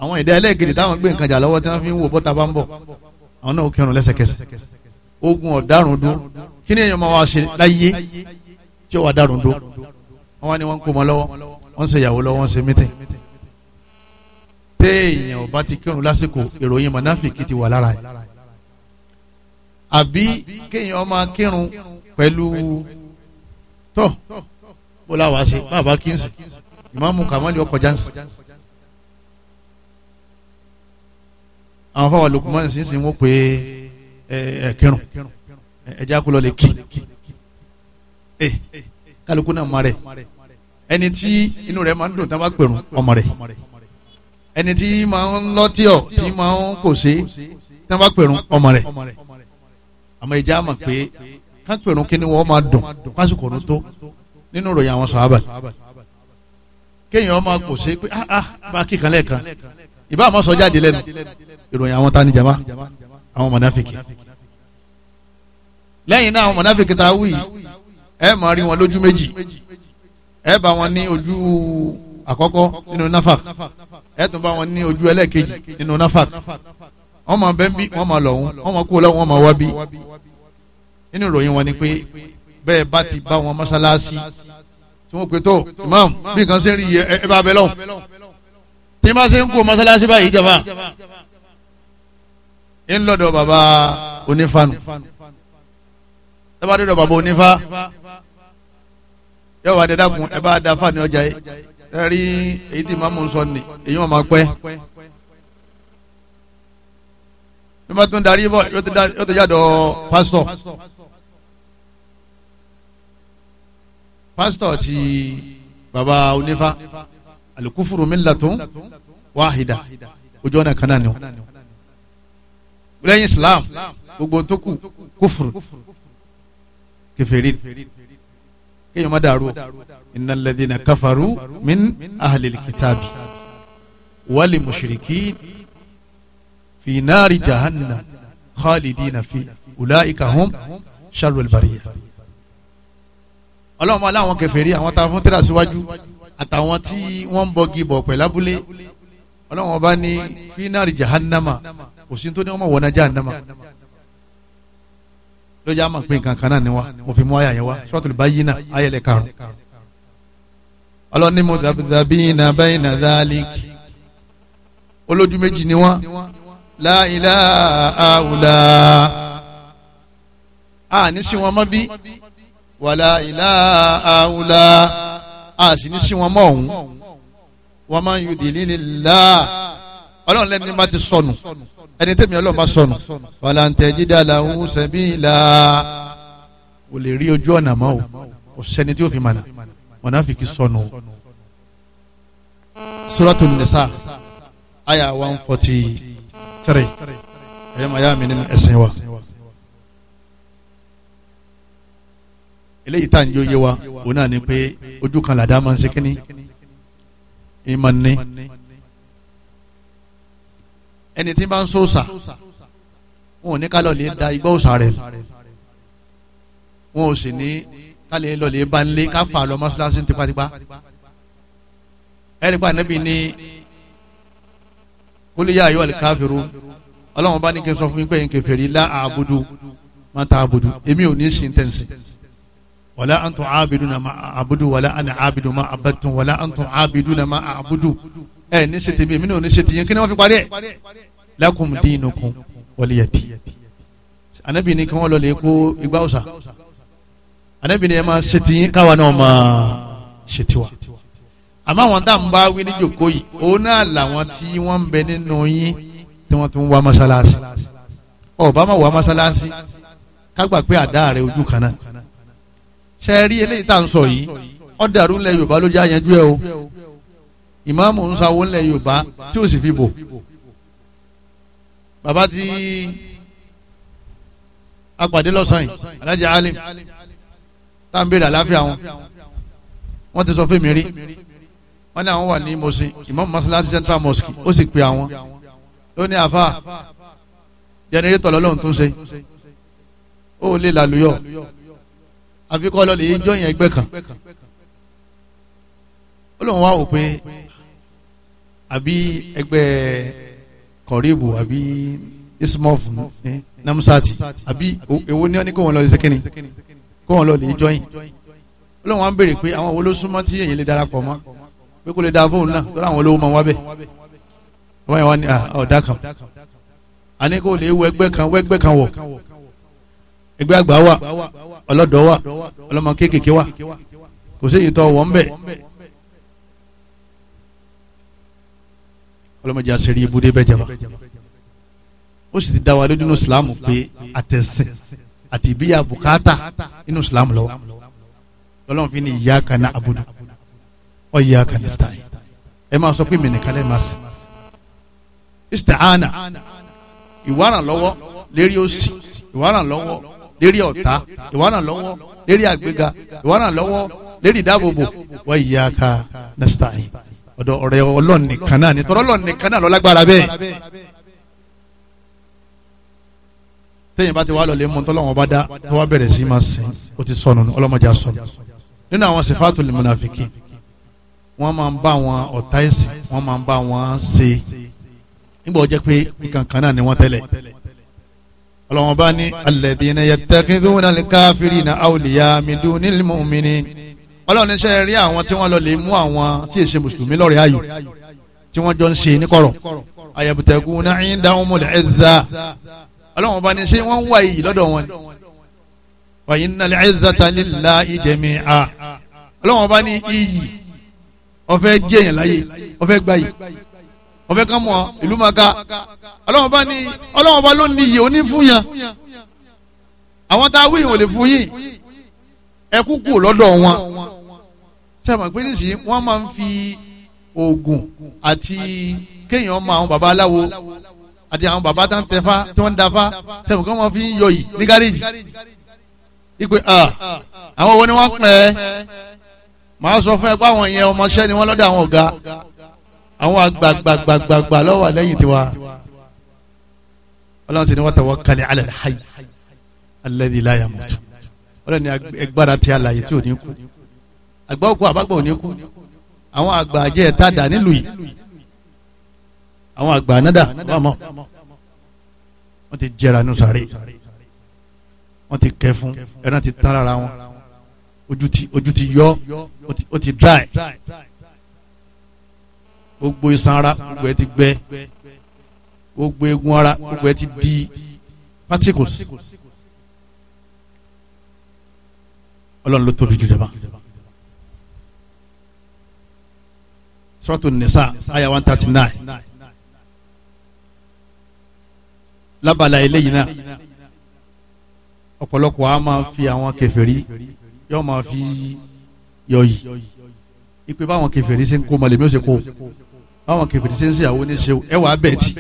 àwọn ìdá ẹlẹ́gìrì táwọn gbé nǹkan jà lọ́wọ́ tí wọ́n fi ń wò bọ́ta bá ń bọ̀ àwọn náà kírun lẹ́sẹ̀kẹsẹ̀ ogun ọ̀darùn dún kí ni èèyàn máa wá ṣe láyé tí ó wà darùn dún wọ́n wá ní wọ́n ń kó wọn lọ́wọ́ wọ́n ń ṣe ìyàwó lọ́wọ́ wọ́n ń ṣe mítìn téèyàn ò bá ti kírun lásìkò ìròyìn mọ̀náfìkì ti wà lára ẹ̀ àbí kéèyàn máa kírun pẹ̀lú tọ́ bó la wàá ṣe bàbá kí n sùn ìmáàmù kàmáàlì ọkọ̀ jáǹsì. àwọn fáwọn Lukumani sísìn wọn pé ẹ kírun ẹjẹ akulọ lè kí ẹ eh, kálukú náà mọ rẹ ẹni tí inú rẹ máa ń dùn tá a bá pèrún ọmọ rẹ ẹni tí máa ń lọ́tí ọ̀ tí máa ń kò sí tí wọ́n bá pèrún ọmọ rẹ̀ àmọ́ ìjà mọ̀ pé kán pèrún kí ni wọ́n máa dùn pásìkò ní tó nínú ìròyìn àwọn sàhábà kéèyàn máa kò pé ah ah bá kíkan lẹ́ẹ̀kan ìbá àmọ́ sọ jáde lẹ́nu ìròyìn àwọn tani jama àwọn mọ̀náfíkì lẹ́yìn náà àwọn mọ̀náfíkì tá a wí ẹ máa rí wọn lójú méjì ẹ bá wọn ní ojú àkọ́kọ́ nínú nafak ẹ tún bá wọn ní ojú ẹlẹ́ẹ̀kejì nínú nafak wọ́n máa bẹ́ ń bí wọ́n máa wọn wọ́n máa kú lọ́wọ́ wọ́n wá bí nínú ìròyìn wọn ni pé bẹ́ẹ̀ bá ti bá wọn mọ́sálásí tí wọ́n pè tó imam bí nǹkan ṣe ń rí ẹ bá bẹ lọ́hùn tí má ṣe ń kú mọ́sálásí báyìí jàmbá ń lọ́dọ̀ bàbá onífanu tọ́ba dọ́dọ̀ bàbá onífa yóò wá dẹ́dàkùn ẹ bá da fani ọjà yìí ẹ rí èyí tí màmú sọ ni èyí wọn máa pẹ́ bí wọ́n tún darí bọ̀ yóò tó yàdọ̀ pásítọ̀ pásítọ̀ ti baba onífa alukufuru millatun wahida ojú ọ̀nà kan náà ni wọ́n lẹ́yìn islam gbogbo tó kù kúfùrù kẹfẹ́rì kéèyàn má dàrú o innal ladhina kafaru min ahlil kitabi wali mushrikin fi nari jahannam khalidina fi ulaika hum sharul bariya. ọlọ́run máa láwọn kèfèrí àwọn tá a fún tíra síwájú àtàwọn tí wọ́n ń bọgi bọ̀ pẹ̀lú abúlé ọlọ́run ọba ní fi nari jahannama kò sí tó ní wọ́n mọ̀ wọ́n jahannama lójú àmọ̀ pé nǹkan kan náà ni wa mo fi mú àyà yẹn wá suratul bayyina ayẹlẹ karùn-ún ọlọ́ni mudhabdhabina bayna dhalik olójú méjì ni wọ́n la ilaha ula a ní sí wọn mọ́ bí wala ilaha ula a sì ní sí wọn mọ́ ọ̀hún wa man yudlilillah ọlọ́run lẹ́ni bá ti sọnù ẹni tẹ́mi ọlọ́run bá sọnù wala tajida lahu sabila ò lè rí ojú ọ̀nà mọ́ ò sẹ́ni tí ó fi mọ̀nà mọ̀nàfíkì sọnù suratul nisa aya one forty three ẹ̀yẹ́ màá yá mi nínú ẹ̀sìn wa. eléyìí tá à ń wa òun náà ni pé ojú kan làdá máa ń ṣe kínní ìmọ̀ ní ẹni tí bá ń sòsà wọn ò ní kálọ̀ lè da igbó òsà rẹ̀ wọn ò sì ní kálí lọlẹ bá ń lé ká fà lọ mọṣáláṣí tipatipa ẹrí pa níbi ní kúlíyà ayọ àlìkáfìrú ọlọ́wọ́n bá ní kí n sọ fún yín pé n abudu lá àbùdù abudu. ta àbùdù èmi ò ní sin tẹ̀sí wàlá antum àbìdúna má àbùdù wàlá àná àbìdù má àbàtún wàlá antum àbìdúna má àbùdù ẹ ní ṣe tèmi èmi náà ní ṣe tìyẹn kí ni wọ́n fi parí ẹ̀ lakum dinukum waliyadi anabi ni kí wọ́n lọ lè anabi ni ẹ máa ṣe tiyín káwa náà máa ṣe tiwa àmọ́ àwọn tá à ń bá wí ní jòkó yìí òun náà làwọn tí wọ́n ń bẹ nínú yín tí wọ́n ti ń wá mọ́ṣáláṣí ọba máa wá mọ́ṣáláṣí kágbà pé àdá rẹ ojú kan náà ṣe é rí eléyìí tá à ń sọ yìí ó dàrú ńlẹ̀ yorùbá ló jẹ́ àyànjú ẹ o ìmáàmù ń sanwó ńlẹ̀ yorùbá tí ó sì fi bò bàbá tí apàdé lọ́sàn-án alim. alim tá à ń béèrè àláfíà wọn wọ́n ti sọ fún mi rí wọ́n ní àwọn wà ní mosin imam masalasi central mosque ó sì pe àwọn ó ní àfa jẹnẹrétọ̀ lọ́lọ́run tó ṣe ó lè làlùyọ̀ àfikọ́ lọ́lẹ̀ yìí jọyìn ẹgbẹ́ kan ó lóun wá òpin àbí ẹgbẹ́ kọ̀ríbù àbí ismof ní eh, namsati àbí èwo ni wọ́n ní kó wọn lọ sí kíni kó wọn lọ lè jọyìn olóhùn wa ń béèrè pé àwọn wo ló súnmọ́ tí èyí lè darapọ̀ mọ́ pé kó lè da fóònù náà tó láwọn olówó máa wá bẹ̀ wọ́n yẹn wá ní ọ̀dà kan àní kó lè wẹgbẹ́ kan wẹgbẹ́ kan wọ̀ ẹgbẹ́ àgbà wà ọlọ́dọ̀ wà ọlọ́mọ kéékèèké wà kò sí ìtọ́ wọ́n bẹ̀ ọlọ́mọdé àṣírí ibùdó bẹ́ẹ̀ jẹ́ wa ó sì ti dá wa lójú ní Islam pé àtẹ̀sìn àti ìbíyà bùkátà inú islam lọ lọ́lọ́run fi ni ìyá kana abudu ọ ìyá kana stein ẹ máa sọ pé mẹnìkan lẹ máa sìn isti'ana ìwárànlọ́wọ́ lérí òsì ìwárànlọ́wọ́ lérí ọ̀tá ìwárànlọ́wọ́ lérí àgbéga ìwárànlọ́wọ́ lérí ìdáàbòbò wọ́n ìyá ka nastain ọ̀dọ̀ ọ̀rẹ́ ọlọ́ọ̀nì kan náà nítorí ọlọ́ọ̀nì kan náà lọ́lágbára bẹ́ẹ̀ tẹ́yìn bá ti wá lọ́lẹ́ mú tọ́lọ́wọ́n bá dá tó wá bẹ̀rẹ̀ sí máa sìn ó ti sọnù ọlọ́mọdé sọnù nínú àwọn sèfáàtò lèmúnàfíkì wọ́n máa ń bá wọn ọ̀tá ẹ̀sìn wọ́n máa ń bá wọn ṣe nígbà ó jẹ́ pé ìkànkàn náà ni wọ́n tẹ́lẹ̀ ọlọ́wọ́n bá ní alladhina yattakhidhuna al-kafirina awliya min dunil mu'minin ọlọ́run rí àwọn tí wọ́n lọ mú àwọn tí èsè mùsùlùmí lọ́rẹ̀ ayò tí wọ́n jọ ń ṣe níkọ̀rọ̀ ayabtaguna indahumul izza ọlọ́run ọba ni ṣé wọ́n ń wá iyì lọ́dọ̀ wọn ni wa innal izzata lillahi jami'a ọlọ́run ọba ni iyì ọ̀fẹ́ jẹ̀yàn láyé ọ̀fẹ́ gbayì ọ̀fẹ́ kan mọ̀ ìlú maka ọlọ́run ọba ni ọlọ́run ọba ló ní iyì òní fún yàn àwọn tá a wí ìwòlè fún yìí ẹ kúkú lọ́dọ̀ wọn sẹ́wọ̀n pé nísìnyí wọ́n máa ń fi oògùn àti kéèyàn mọ àwọn baba aláwo àti àwọn bàbá tán tẹfa tí wọ́n ń dafa tẹ̀wọ̀n kí wọ́n fi ń yọ yìí ní gáréjì ipe àwọn owó ni wọ́n pẹ́ màá sọ fún ẹ pé àwọn yẹn ọmọọṣẹ́ ni wọ́n lọ́dọ̀ àwọn ọ̀gá àwọn àgbàgbàgbàgbà lọ́wọ́ lẹ́yìn tiwa ọlọ́run ti ní wọ́n tẹ̀wọ́ kalẹ̀ alẹ́ hayi alladhi la yamut ọlọ́run ni agbára ti àlàyé tí ò ní kú àgbà òkú àbágbà ò ní kú àwọn àgbà àjẹ́ ẹ̀ta dà nílùú yìí àwọn àgbà anádà wà mọ́ wọ́n ti jẹra nù sáré wọ́n ti kẹ́ fún ẹran ti tán lára wọn ojú ti ojú ti yọ ó ti dry gbogbo iṣan ara gbogbo ẹ ti gbẹ gbogbo eegun ara gbogbo ẹ ti di particles ọlọ́run ló tóbi jù jọba. Suratu Nisa aya one thirty nine. lábala eléyìí náà ọ̀pọ̀lọpọ̀ a máa fi àwọn kèfèrí yóò máa fi yọ̀yì ìpè báwọn kèfèrí ṣe ń kó malèmí ó ṣe kó báwọn kèfèrí ṣe ń ṣèyàwó ní ṣe ẹwà bẹ́ẹ̀tì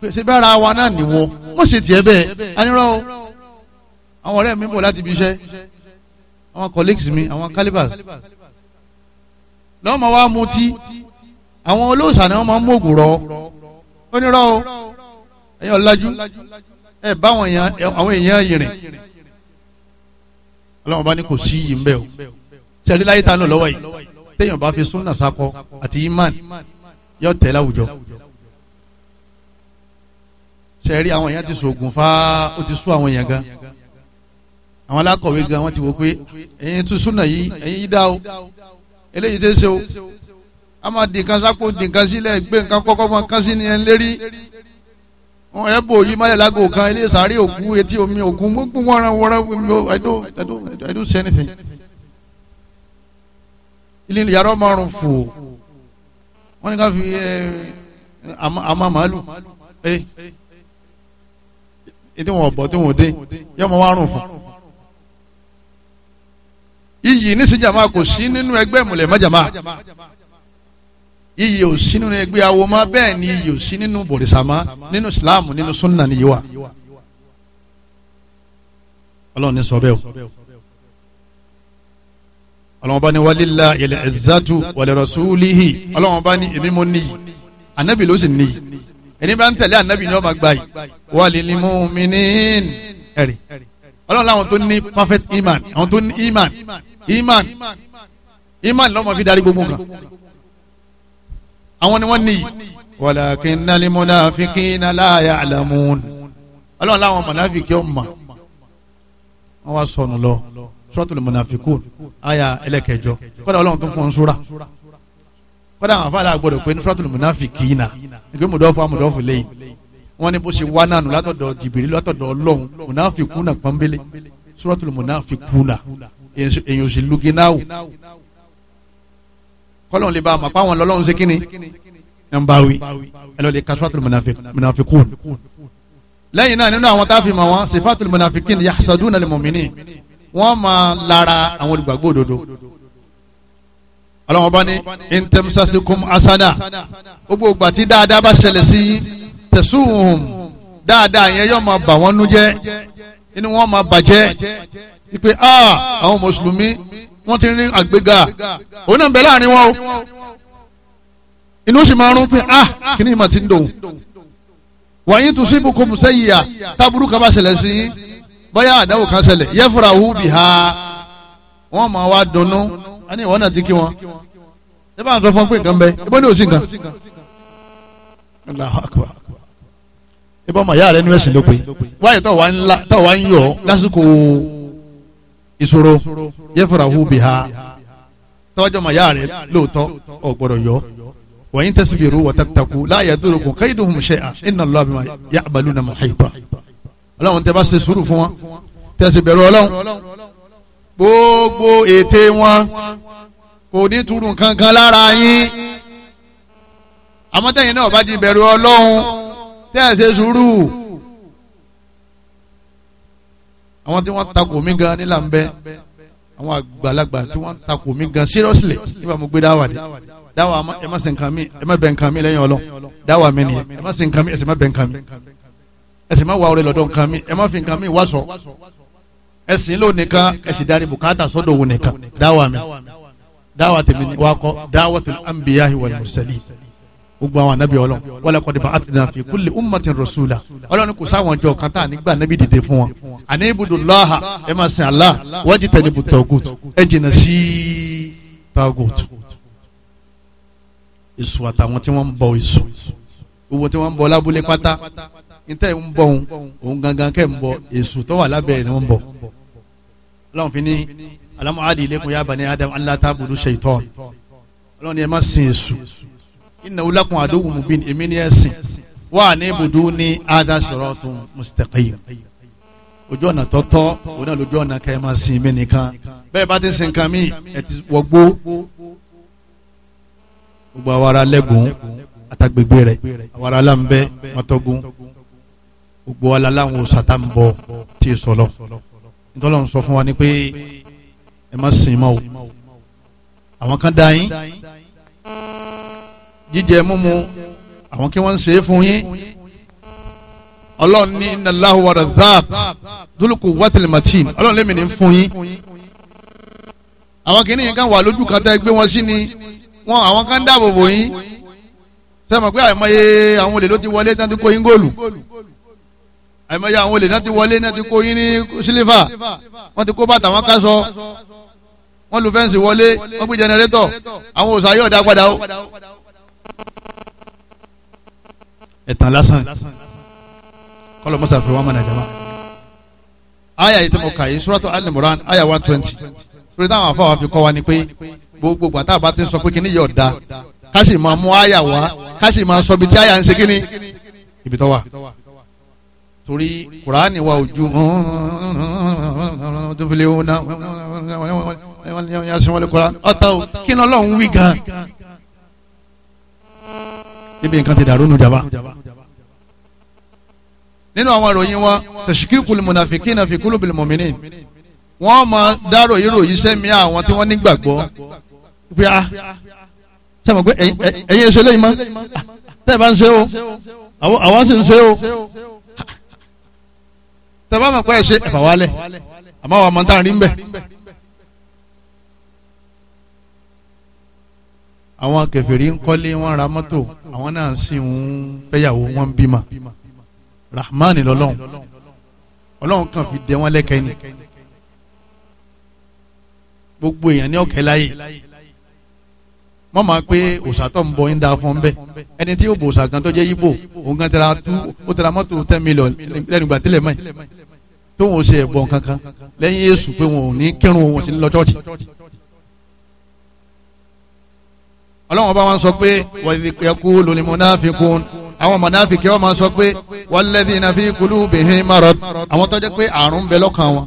pèsè bára wa náà nìwọ mo ṣe tiẹ̀ bẹ́ẹ̀ anirọ́ o àwọn ọ̀rẹ́ mi ń bọ̀ láti ibi iṣẹ́ àwọn colleagues mi àwọn calibers lọ́wọ́ máa wá mutí àwọn olóòṣà ni wọ́n máa ń mú ògùn rọ onírọ́ o ẹ̀yin ọ̀làjú ẹ̀ báwọn èèyàn àwọn èèyàn ìrìn ọlọ́run bá ní kò sí yìí ń bẹ̀ o sẹ́rí láyé tá a lọ lọ́wọ́ yìí téèyàn bá fi súnà sakọ àti imán yóò tẹ̀ láwùjọ sẹ́rí àwọn èèyàn ti sògùn fá ó ti sú àwọn èèyàn gan àwọn alákọ̀wé gan wọ́n ti wò pé ẹ̀yin tún súnà yìí ẹ̀yin yìí dá o eléyìí tẹ́ ṣe o a máa dì sápò dì sílẹ̀ gbé nǹkan kọ́kọ́ mọ́ nǹkan sí ni ẹ̀ ń lérí wọn ẹ bò yí mọ́lẹ̀ lágbo kan ilé sàárè òkú etí omi òkun gbogbo wọn wọn wọn I don't I don't say anything ilé yàrá márùn fò wọn ni ká fi ẹ àmà màálù ẹ ètò wọn bọ̀ tí wọn dé yọmọ wọn fò iyì nísìnyàmá kò sí nínú ẹgbẹ́ ìmùlẹ̀ mọ́jàmá iyì ò sí nínú ẹgbẹ́ awo ma bẹ́ẹ̀ ni iyì ò sí nínú bòrìsàmá nínú Islam nínú sunna ni yìí wa ọlọ́run ní sọ bẹ́ẹ̀ o ọlọ́run bá ní walila ilẹ̀ ẹ̀zátù wàlẹ̀ rasulihi ọlọ́run bá ní èmi mo níyì anabi ló sì níyì ẹni bá ń tẹ̀lé anabi ni wọ́n máa gbà yìí walil mu'minin ẹ̀rì ọlọ́run láwọn tó ní perfect iman àwọn tó ní iman iman iman lọ́mọ fi darí gbogbo nǹkan àwọn ni wọ́n níyì. walakinnal munafiqina la ya'lamun. ọlọ́run láwọn mọ̀nàfíkì ọ̀ma wọ́n wá sọnù lọ suratul munafiqun àyà ẹlẹ́kẹjọ kọ́dà ọlọ́run tún fún un súra kọ́dà àwọn afáàlà gbọ́dọ̀ pé ní suratul munafiqina nígbà mọ̀dọ́fọ̀ àmọ̀dọ́fọ̀ lẹ́yìn wọ́n ní bó ṣe wá nánu látọ̀dọ̀ jìbìrì látọ̀dọ̀ ọlọ́run munafikuna pọ́nbélé suratul munafikuna èyàn ò sì lùgínà kọ́lọ́n lè ba àmọ́ pàwọn lọ́lọ́run ṣe kínni nàmbáwí ẹ lọ́ọ́ lè ka suratul munafiqun lẹ́yìn náà nínú àwọn táàfin mọ̀ wọn sifatul munafiqin yahsaduna lil mu'minin wọ́n máa lára àwọn olùgbàgbọ́ òdodo ọlọ́wọ́n bá ní intemsasikum asada gbogbo ìgbà tí dáadáa bá ṣẹlẹ̀ sí tẹ̀sùn dáadáa yẹn yóò máa bà wọ́n nú jẹ́ inú wọn máa bàjẹ́ wípé ah, àwọn mùsùlùmí wọ́n ti ní àgbéga òun náà ń bẹ láàrin wọn o inú sì máa rún pé ah kíní ìmọ̀ ti ń dòun wàyí tún síbù kò musẹ́ yìí à táburú kan bá ṣẹlẹ̀ sí yín bóyá àdáwò kan ṣẹlẹ̀ yẹ́fura wù bí ha wọ́n máa wá dunnú a ní ìwọ́n náà ti kí wọn ẹ bá ń sọ fún pé nǹkan bẹ ẹ bọ́ ní òsì nǹkan ẹ bọ́ mọ̀ ìyá rẹ ní ló pé wáyé tó wà ń yọ̀ lásìkò ìṣòro yẹfurahu biha tọ́jọ́ ma yára rẹ̀ lóòótọ́ ọ̀ gbọ́dọ̀ yọ wa in tasbiru wa tattaku la yadurukum kaiduhum shay'an inna Allaha bima ya'maluna muhita ọlọ́run tẹ́ bá ṣe sùúrù fún wọn tẹ́ sì bẹ̀rù ọlọ́run gbogbo ète wọn kò ní túrú kankan lára yín àmọ́tẹ́yìn náà bá ti bẹ̀rù ọlọ́run tẹ́ ṣe sùúrù àwọn tí wọ́n takò mí gan nílà ń bẹ àwọn àgbàlagbà tí wọ́n takò mí gan seriously nígbà mo gbé dáwà dé dáwà ẹ má ṣe nǹkan mi ẹ má bẹ nǹkan mi lẹ́yìn ọlọ́ dáwà mi nìyẹn ẹ má ṣe nǹkan mi ẹ sì má bẹ nǹkan mi ẹ sì má wà ọ̀rẹ́ lọ́dọ̀ nǹkan mi ẹ má fi nǹkan mi wá sọ ẹ sì ń lò nìkan ẹ sì darí bùkátà sọ́dọ̀ òun nìkan dáwà mi dáwà tèmi ni wàá kọ dáwà tèmi anbiyahi wal mursalin gbogbo àwọn anabi Ọlọ́run wala qad ba'athna fi kulli ummatin rasula Ọlọ́run kò sáwọn ọjọ́ kan tá à nígbà anabi dìde fún wọn àní ibùdókòlá ẹ máa sin Allah wájú tẹ̀lé bu tọ́gùt ẹ jìnnà sí tọ́gùt. èso àtàwọn tí wọ́n ń bọ èso gbogbo tí wọ́n ń bọ lábúlé pátá níta ń bọ òun òun gangan kẹ́ ń bọ èso tó wà lábẹ́ ẹ̀ ni wọ́n ń bọ. ọlọ́run fi ní alamu adi ilẹ̀kùn yaba ni adam Allah ta'budu shaitan ọlọ́run ni ẹ má sin èso innahu lakum aduwwun mubin èmi ni ẹ sìn wà ní ibùdó ní adá siratun mustaqim ojú ọ̀nà tọ́tọ́ òun náà lójú ọ̀nà kẹ́ ẹ máa sin mi nìkan bẹ́ẹ̀ bá ti sin kan mí ẹ ti wọgbó gbogbo àwọn ará lẹ́gùn àtàgbègbè rẹ̀ àwọn ará làǹbẹ́ mọ́tọ́gùn gbogbo wa láwọn ń bọ̀ tí ì sọ̀lọ̀ nítorí wọn sọ fún wa ni pé ẹ má sin mọ́ o àwọn kan dá yín jíjẹ múmu àwọn kí wọ́n ń ṣe é fún yín ọlọ́run ní innalahu wa razaq dúlùkù wátìlìmọ̀tì ọlọ́run lèmi ní fún yín àwọn kìnìún kan wà lójú kan tẹ́ gbé wọn sí ni wọn àwọn kan dáàbò bò yín sẹ́mi pé àìmọye àwọn olè ló ti wọlé tán ti kó yín góòlù àìmọye àwọn olè náà ti wọlé náà ti kó yín ní sílífà wọ́n ti kó bàtà wọn ká sọ wọ́n lu fẹ́ǹsì wọlé wọ́n gbé jẹnẹrétọ̀ àwọn òòsàn yóò dá padà o. ẹ̀tàn lásán ọlọmọ sàfihàn wọn mọ̀nà jama. aya yìí tí mo kà yìí suratu al-imran aya one twenty torí táwọn afọ àwọn fi kọ́ wa ni pé gbogbo gbàtà bá ti sọ pé kíní yóò da ká sì máa aya wa, kasi ma máa sọ ibi tí aya ń ṣe kíní ibi tó wà torí kuraani wa ojú tófìlẹ̀ òun náà yasunwale kura ọ̀tá o kí ni ọlọ́run gan. ibi nǹkan ti dàrú nù jaba nínú àwọn ìròyìn wọn tashkikul munafikina fi kulubil mu'minin wọ́n máa dárò ìròyìn sẹ́mi àwọn tí wọ́n nígbàgbọ́ pé a ah, sẹ́mi pé ẹ̀yin ṣe léyìn mọ́ tẹ́ẹ̀ bá ń ṣe o àwọn sì ń ṣe o tẹ́ẹ̀ bá mọ̀ pé ẹ̀ ṣe ẹ̀fà wálẹ̀ àmọ́ àwọn ọmọ táwọn rí ń bẹ̀. àwọn kèfèrí ń kọ́lé wọn ra mọ́tò àwọn náà sì ń fẹ́yàwó wọn ń bímọ rahman lọ́lọ́run ọlọ́run kan fi dẹ wọn lẹ́kẹ́ ni gbogbo èèyàn ní ọ̀kẹ́ láyè wọ́n máa pé òòṣà tó ń bọ ń da fún bẹ́ẹ̀ ẹni tí yóò bọ òòṣà gan tó jẹ́ yíbò òun gan tẹ̀ra tú ó tẹ̀ra mọ́tò ten million lẹ́nu ìgbà tẹ́lẹ̀ mọ́ ẹ̀ tó wọn ò ṣe ẹ̀bọ̀n kankan lẹ́yìn èṣù pé wọn ò ní kírun wọn sí lọ chọ́ọ̀chì. ọlọ́run ọba wa sọ pé wọ́n ti yẹ kó lónìí mọ́ náà fi kún àwọn mọ̀nàfíkì wọ́n máa sọ pé walladhina fi qulubihim marad àwọn tó jẹ́ pé àrùn bẹ lọ́kàn wọn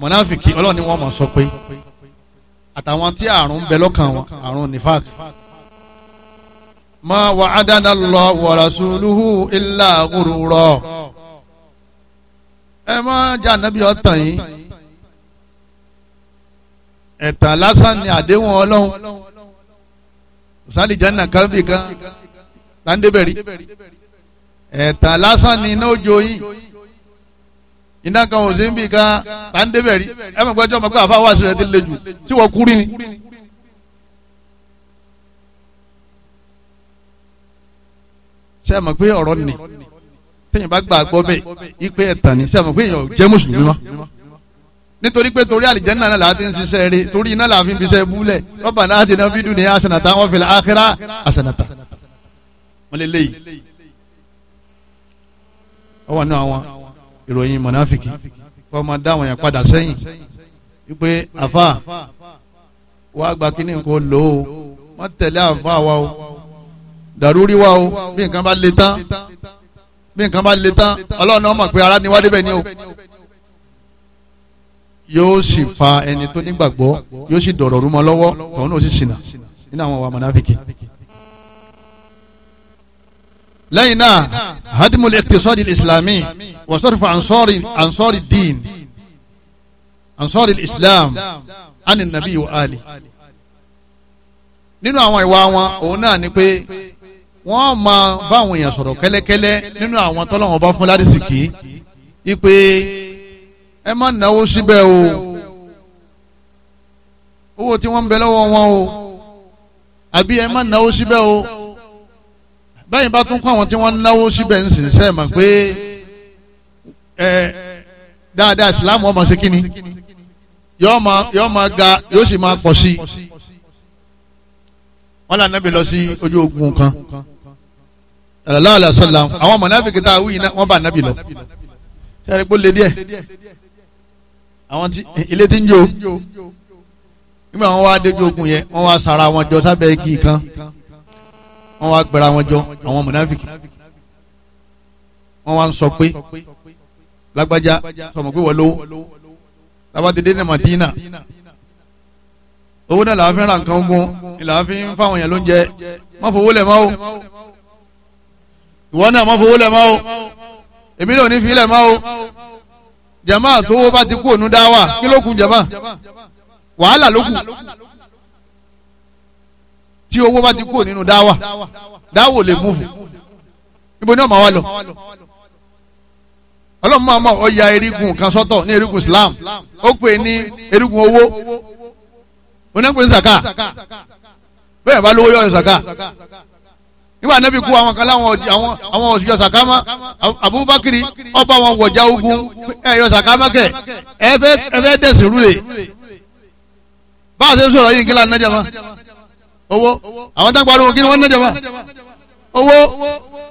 mọ̀nàfíkì ọlọ́run ni wọ́n máa sọ pé àtàwọn tí àrùn bẹ lọ́kàn wọn àrùn nifaq ma wa'adana Allahu wa rasuluhu illa ghurura ẹ má jẹ́ ànábì ọ̀tàn yìí ẹ̀tàn lásán ni àdéhùn ọlọ́run sálì jẹ́ nàkàbì kan tàǹdébẹ̀rí ẹ̀tàn lásán ni iná òjò yìí iná kan ò sí ń bì kan tàǹdébẹ̀rí ẹ mọ̀ pé ọjọ́ mọ̀ pé àfa wá sí rẹ̀ ti le jù tí wọ́n kúrí ni. ṣé ẹ mọ̀ pé ọ̀rọ̀ ni téèyàn bá gbà gbọ́ bẹ́ẹ̀ ipe ẹ̀tàn ni ṣé ẹ mọ̀ pé èèyàn jẹ́ mùsùlùmí mọ́ nítorí pé torí àlìjẹ́nà náà láti ń ṣiṣẹ́ rẹ̀ torí iná làá fi ń fi búlẹ̀ rọ́bà náà ti náà fi ní àṣànàtà wọ́n fi àkírà àṣànàtà wọ́n lé léyìí wọ́n wà nínú àwọn ìròyìn mọ̀náfìkì wọ́n máa dá àwọn yẹn padà sẹ́yìn wípé àfa wàá gba kíní kò lò ó wọ́n tẹ̀lé àfa wa o dàrúrí wa o bí nǹkan bá le tán bí nǹkan bá le tán ọlọ́run náà mọ̀ pé ara ni wá débẹ̀ ni o yóò sì fa ẹni tó nígbàgbọ́ yóò sì dọ̀rọ̀ rúmọ lọ́wọ́ tọ́hún ó sì ṣìnà nínú àwọn wa mọ̀náfìkì lẹ́yìn náà hadimul iqtisadi islami wasarfa ansori ansori diin ansori islam ani nabi wa ali nínú àwọn ìwà wọn òun náà ni pé wọ́n máa bá àwọn èèyàn sọ̀rọ̀ kẹ́lẹ́kẹ́lẹ́ nínú àwọn tọ́lọ́wọ́n bá fún ládìsíkì ipe ẹ má náwó síbẹ̀ o owó tí wọ́n ń bẹ lọ́wọ́ wọn o àbí ẹ má náwó síbẹ̀ o bẹ́ẹ̀ bá tún kó àwọn tí wọ́n náwó síbẹ̀ ń sìn sẹ́ẹ̀ mọ̀ pé ẹ dáadáa ìsìlámù ọmọ sí kínní yóò máa yóò máa ga yóò sì máa pọ̀ sí i wọ́n là nábì lọ sí ojú ogun kan aláàlá sọlá àwọn mọ̀nàfíkì tá a wí iná wọ́n bá nábì lọ sẹ́yìn pé ó lé díẹ̀ àwọn tí ilé ti ń jó nígbà wọn wá déjú ogun yẹn wọ́n wá sara wọn jọ sábẹ́ igi kan wọ́n wá gbéra wọn jọ àwọn mọ̀nàfíkì wọ́n wá ń sọ pé lágbájá sọmọ pé wọ́n lówó labadede ní Madina owó náà làá fi ra nǹkan ogun làá fi ń fáwọn èèyàn lóúnjẹ má fowó lẹ̀ má o ìwọ náà má fowó lẹ̀ má o èmi náà ò ní fi lẹ̀ má o jama tó bá ti kú òun dá wà kí ló kù jama wàhálà ló kù tí owó bá ti kúrò nínú dáwà dáwà ò lè múfù ibo ni ọmọ wa lọ ọlọ́run máa mọ̀ ọ ya erigun kan sọ́tọ̀ ní erigun Islam ó pè ní erigun owó onípe zaka bẹ́ẹ̀ bá lówó yọ zaka nígbà nẹ́bí kú àwọn kan láwọn àwọn òṣìṣẹ́ zaka mọ́ Abubakar ọba àwọn wọ̀já ogun ẹ̀ yọ zaka mọ́kẹ́ ẹ fẹ́ dẹ̀sìn rúre báwo ṣe ń sọ̀rọ̀ yìí kí lánàá mọ́ owó àwọn táwọn pariwo kí ni wọ́n ná jọba owó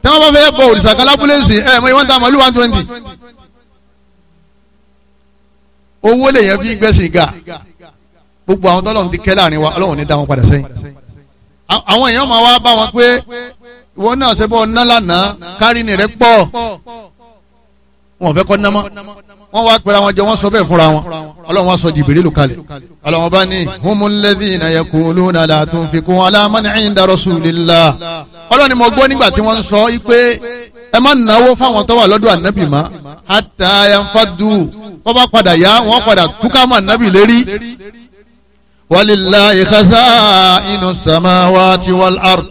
tí wọ́n bá fẹ́ bọ̀ òrìṣà kan lábúlé mọ ìwọ́n ta màálù one twenty owó lèyàn fi gbẹ̀sìn ga gbogbo àwọn tọ́lọ́run ti kẹ́ láàrin wa ọlọ́run ní dá wọn padà sẹ́yìn àwọn èèyàn máa wá bá wọn pé ìwọ náà ṣe bọ́ ná lánàá kárí ni rẹ pọ̀ wọn ò fẹ́ kọ́ ná mọ́ wọn wá pẹ́ra wọn jẹ wọn sọ bẹ́ẹ̀ fúnra wọn ọlọ́run wá sọ jìbìrì lù kalẹ̀ ọlọ́wọ́n bá ní humulẹ́dì ìnáyẹ̀kú olóhùnà làtún fi kún alámánìyìn dá rasulillah ọlọ́ni mo gbọ́ nígbà tí wọ́n ń sọ pé ẹ má náwó fáwọn tó wà lọ́dọ̀ ànábì mọ́ hatta yanfaddu wọ́n bá padà yá wọ́n padà túká mọ́ ànábì lérí. walillahi khaza'inu samawati wal ard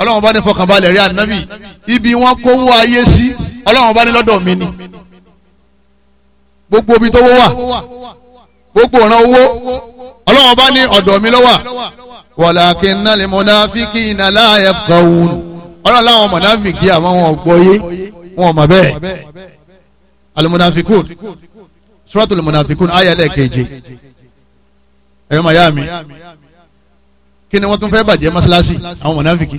ọlọ́wọ́n bá ní fọkànbalẹ̀ rí ànábì ibi wọn kówó ayé sí ọlọ́wọ́n lọ́dọ̀ mi ni gbogbo ibi tó wó wà gbogbo ọ̀ràn owó ọlọ́run bá ní ọ̀dọ̀ mi lọ́wà walakinnal munafiqina la yafqahun ọlọ́run láwọn mọ̀nàfíkì àmọ́ wọn gbọ́ yé wọn mọ̀ bẹ́ẹ̀ alimunafikun suratul munafikun ayẹlẹ keje ẹ̀yọ́ mayami kí ni wọ́n tún fẹ́ bàjẹ́ masalasi àwọn mọ̀nàfíkì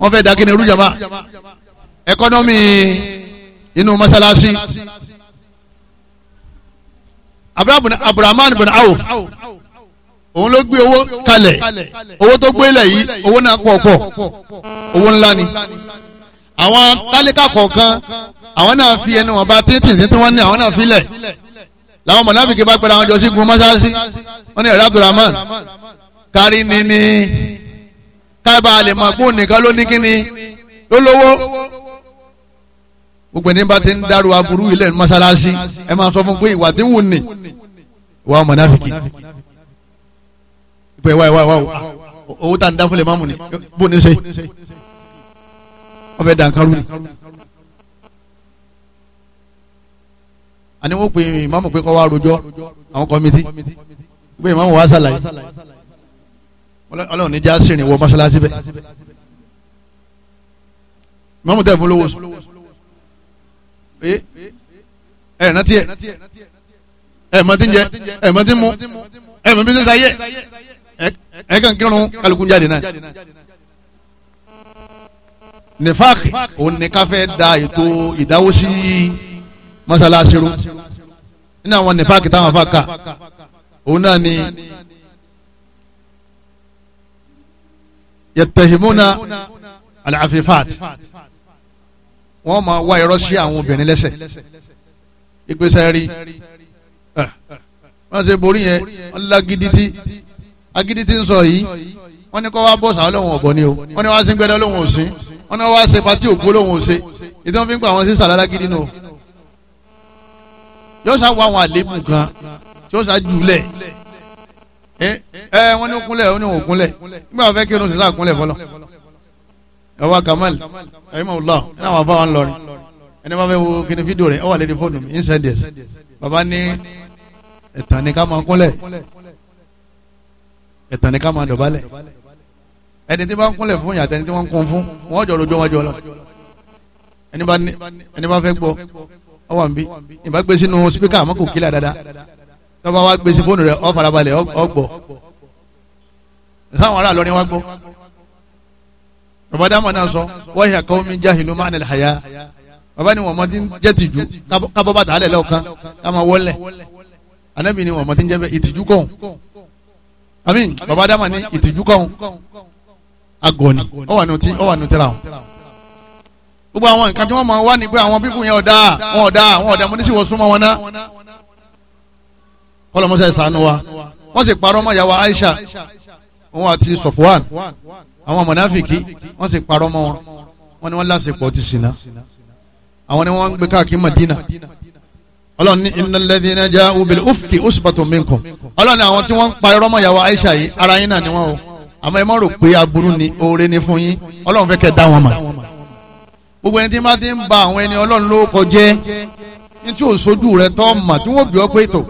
wọ́n fẹ́ da kí ni rújàmá ẹkọ́nọ́mì inú masalasi abrahamu abrahamu bin awf òun ló gbé owó kalẹ̀ owó tó gbé lẹ̀ yìí owó náà pọ̀ pọ̀ owó ńlá ni àwọn tálíkà kọ̀ọ̀kan àwọn náà fi ẹnu wọn bá títì tí wọ́n ní àwọn náà fi lẹ̀ làwọn mọ̀nàfíkì bá pẹ̀lú àwọn jọ sí gun mọ́ṣáláṣí wọ́n ní ẹ̀rọ abdulrahman kárí ni ni kábà lè mọ̀ gbóhùn nìkan ló ní kíni ló lówó gbogbo ẹni bá ti ń dárò aburú ilẹ̀ mọ́ṣáláṣí ẹ máa sọ fún pé ìwà tí wù ní ìwà mọ̀nàfíkì pé wáyé wáyé wáwò owó tá à ń dá fún lè má mú ni bó ní ṣe wọ́n fẹ́ dàn kárú ni. àní wọ́n pè ìmáàmù pé kọ́ wá rojọ́ àwọn kọ́mítì pé ìmáàmù wá ṣàlàyé ọlọ́run níjà sìnrìn wọ mọ́ṣáláṣí bẹ́ẹ̀ ìmáàmù tẹ̀ fún lówó sùn ẹ ẹ̀ rántí ẹ̀ ẹ̀ mọ̀ tí ń jẹ ẹ̀ mọ̀ tí ń mu ẹ̀ mọ̀ bí ń sẹ́ta yẹ ẹ kàn kírun kálukú jáde náà nifak òun ni ká fẹ́ da ètò ìdáwó sí masalasi ru nínú àwọn nifak táwọn afa kà òun náà ni yẹtẹhimuna alafifat wọn máa wá irọ́ sí àwọn obìnrin lẹ́sẹ̀ ìgbésẹ̀ rí ẹ wọn ṣe borí yẹn wọn lágídítì agídí tí ń sọ yìí wọ́n ní kọ́ wá bọ́sà ọlọ́run ọ̀bọ ni o wọ́n ní wá sí gbẹ́dẹ́ ọlọ́run òsì wọ́n ní wá ṣe pati ògbó ọlọ́run òsì ìdí wọ́n fi ń pa àwọn sísà lálágídí nù. yóò ṣá wọ àwọn àlébù kan tí ó ṣá jùlẹ̀ ẹ ẹ wọ́n ní òkúnlẹ̀ wọ́n ní òkúnlẹ̀ nígbà wọ́n fẹ́ kí irun sísà kúnlẹ̀ fọlọ́ ọwọ́ Kamal ayimawulọ náà wọ́n bá wọn lọrin ẹni wọ́n fẹ́ wo kíni fídíò rẹ̀ ọ wà lẹ́ni fóònù mi incendis baba ní ẹ̀tàn ní ká máa kúnlẹ̀ ẹ̀tàn ni ká máa dọ̀bálẹ̀ ẹni tí wọ́n kúnlẹ̀ fún yàtọ̀ ẹni tí wọ́n kún fún wọ́n jọ lójó wájú ọlọ́ ẹni bá fẹ́ gbọ́ ọ wà ń bí ìbá gbé sínú sípíkà àmọ́ kò kílà dáadáa tọ́ba wa gbé sí fóònù rẹ̀ ọ farabalẹ̀ ọ gbọ́ sáwọn ará lọrin wa gbọ́ bàbá dáhùn náà sọ wọ́n yà kọ́ mi jáhìlú máa nílẹ̀ àyà bàbá ni wọ́n mọ ti ń jẹ́ tìjú kábọ́ bàtà alẹ́ lọ́ọ̀kan ká máa wọlé anábì ni wọ́n mọ ti ń jẹ́ ìtìjú kọ́ àmín baba adama ní ìtìjú kọ́hún agọ̀ni ọ̀wànùtí ọ̀wànùtẹ́ra ọ̀hún gbogbo àwọn nǹkan tí wọ́n máa wá ní pé àwọn bíbù yẹn ọ̀dà wọn ọ̀dà wọn ọ̀dà mo ní sì wọ́n súnmọ́ wọn náà kọlọmọsẹ ìsànú wa wọ́n sì parọ́ mọ́ ìyàwó Aisha òun ati Sofwan àwọn mọ̀nàfìkì wọ́n sì parọ́ mọ́ wọn wọ́n ní wọ́n lásìkò ti ṣìnà àwọn ni wọ́n ń gbé Madina ọlọ́run ní innal ladhina ja'u bil ufki usbatun minkum ọlọ́run àwọn tí wọ́n ń pa irọ́ mọ́ ìyàwó Aisha yìí ara yín náà ni wọ́n o àmọ́ ẹ má rò pé aburú ni oore ni fún yín ọlọ́run fẹ́ kẹ́ dá wọn mọ̀ gbogbo ẹni tí má ti ń ba àwọn ẹni ọlọ́run ló kọjẹ́ ní tí ò sójú rẹ tọ́ mà tí wọ́n bí ọ pé tò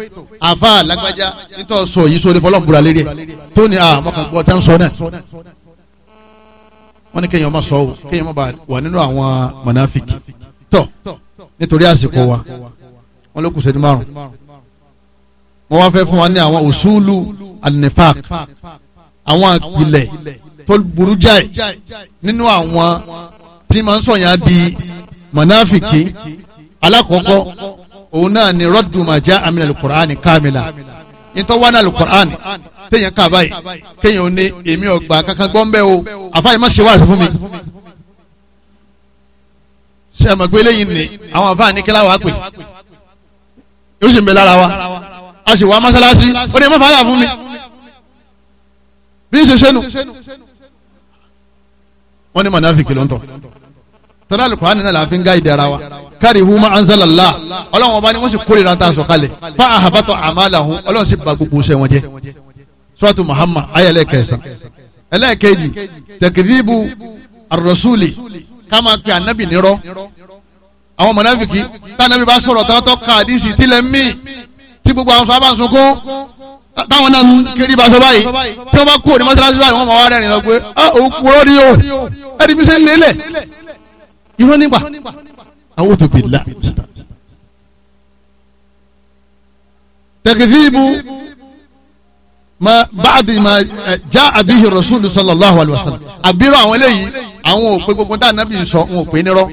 àfa lágbájá nítọ́ sọ yìí sórí fọlọ́n búra lérí wọn ló kù sẹ́dí márùn wọn wá fẹ́ fún wa ní àwọn òṣùlù anifak àwọn àpilẹ̀ tó burú jáì nínú àwọn tí máa ń di mọ̀náfìkì alákọ̀ọ́kọ́ òun náà ni rọ́dù màjá amínà alukur'an kámìlà ìtọ́wá náà alukur'an téèyàn kà báyìí kéèyàn ò ní èmi ọgbà kankan gbọ́n bẹ́ẹ̀ o àfáyé má ṣe wá fún mi ṣe àmọ̀gbé lẹ́yìn ni àwọn àfáà ní kíláwàá pè é yóò sì ń bẹ lára wa a sì wá mọ́sálásí ó ní mọ́fàáyà fún mi bí ṣe ṣe nu wọ́n ní mọ̀nàfíkì ló ń tọ̀ tọ́lá alukùránì náà la fi ń gáìdì ara wa kárí huma anzalala ọlọ́run ọba ni wọ́n sì kórìíra tá a sọ kalẹ̀ fa ahabatọ̀ amalahum ọlọ́run sì ba gbogbo iṣẹ́ wọn jẹ́ suratu muhammad ayẹlẹ kẹsàn ẹlẹ́ẹ̀kejì tẹkidibu arosuli ká máa pe anabi nírọ́ àwọn mọ̀nàfìkì tànàbí bá sọ̀rọ̀ tọ́tọ́ ka àdìsí tilẹ̀ mí tí gbogbo àwọn sọ́ọ́ bá ń sunkún táwọn náà ń kiri bá sọ báyìí tí wọ́n bá kú òní mọ́sálásí báyìí wọ́n mọ̀ wá rẹ́rìn lọ pé ah, òun kú ọ́ rí o ẹni bí sẹ́ ń lélẹ̀ irọ́ nígbà àwọn òtò bìlà tẹkizibu ma baadi ma ja abihi rasulu sallallahu alaihi wasallam abiru àwọn eléyìí àwọn òpè gbogbo tá a nàbì sọ wọn òpè nírọ́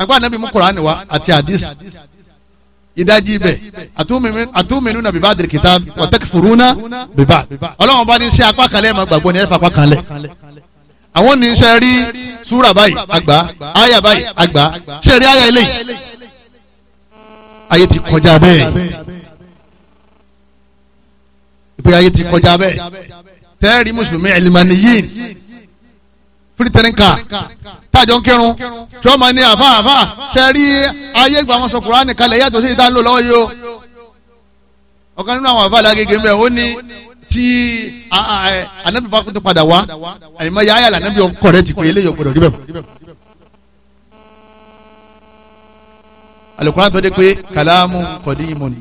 ẹgbẹ́ anabi mú kuraani wa àti hadith ìdajì ibẹ̀ àtúmínú nàbí bá dìrìkìtà wàtẹ́kìfurúnà bíbá ọlọ́wọ́n bá ní sẹ́ apá kan lẹ́ẹ̀ máa gbàgbọ́ ní ẹ̀fà apá kan lẹ̀ àwọn ní sẹ́ rí súrà báyìí àgbà àyà báyìí àgbà sẹ́ rí àyà ilé ayé ti kọjá bẹ́ẹ̀ ìpè ayé ti kọjá bẹ́ẹ̀ tẹ́ẹ̀rí mùsùlùmí ẹ̀lìmánìyìn pírítẹ́nìkà tájọ ń kírun tí wọ́n máa ní àfa àfa sẹ́rí ayé ìgbà wọn sọ kùránì kalẹ̀ yàtọ̀ sí ìta ńlò lọ́wọ́ yìí o ọ̀kan nínú àwọn àfa alágége ń bẹ̀ ó ní tí anabi bá tó padà wá àyìnbá yà á yà lànàbí ọkọ rẹ ti pè é léyìn ọgbọdọ ríbẹ̀ alukura tó dé pé kàlámù kọ̀dímùn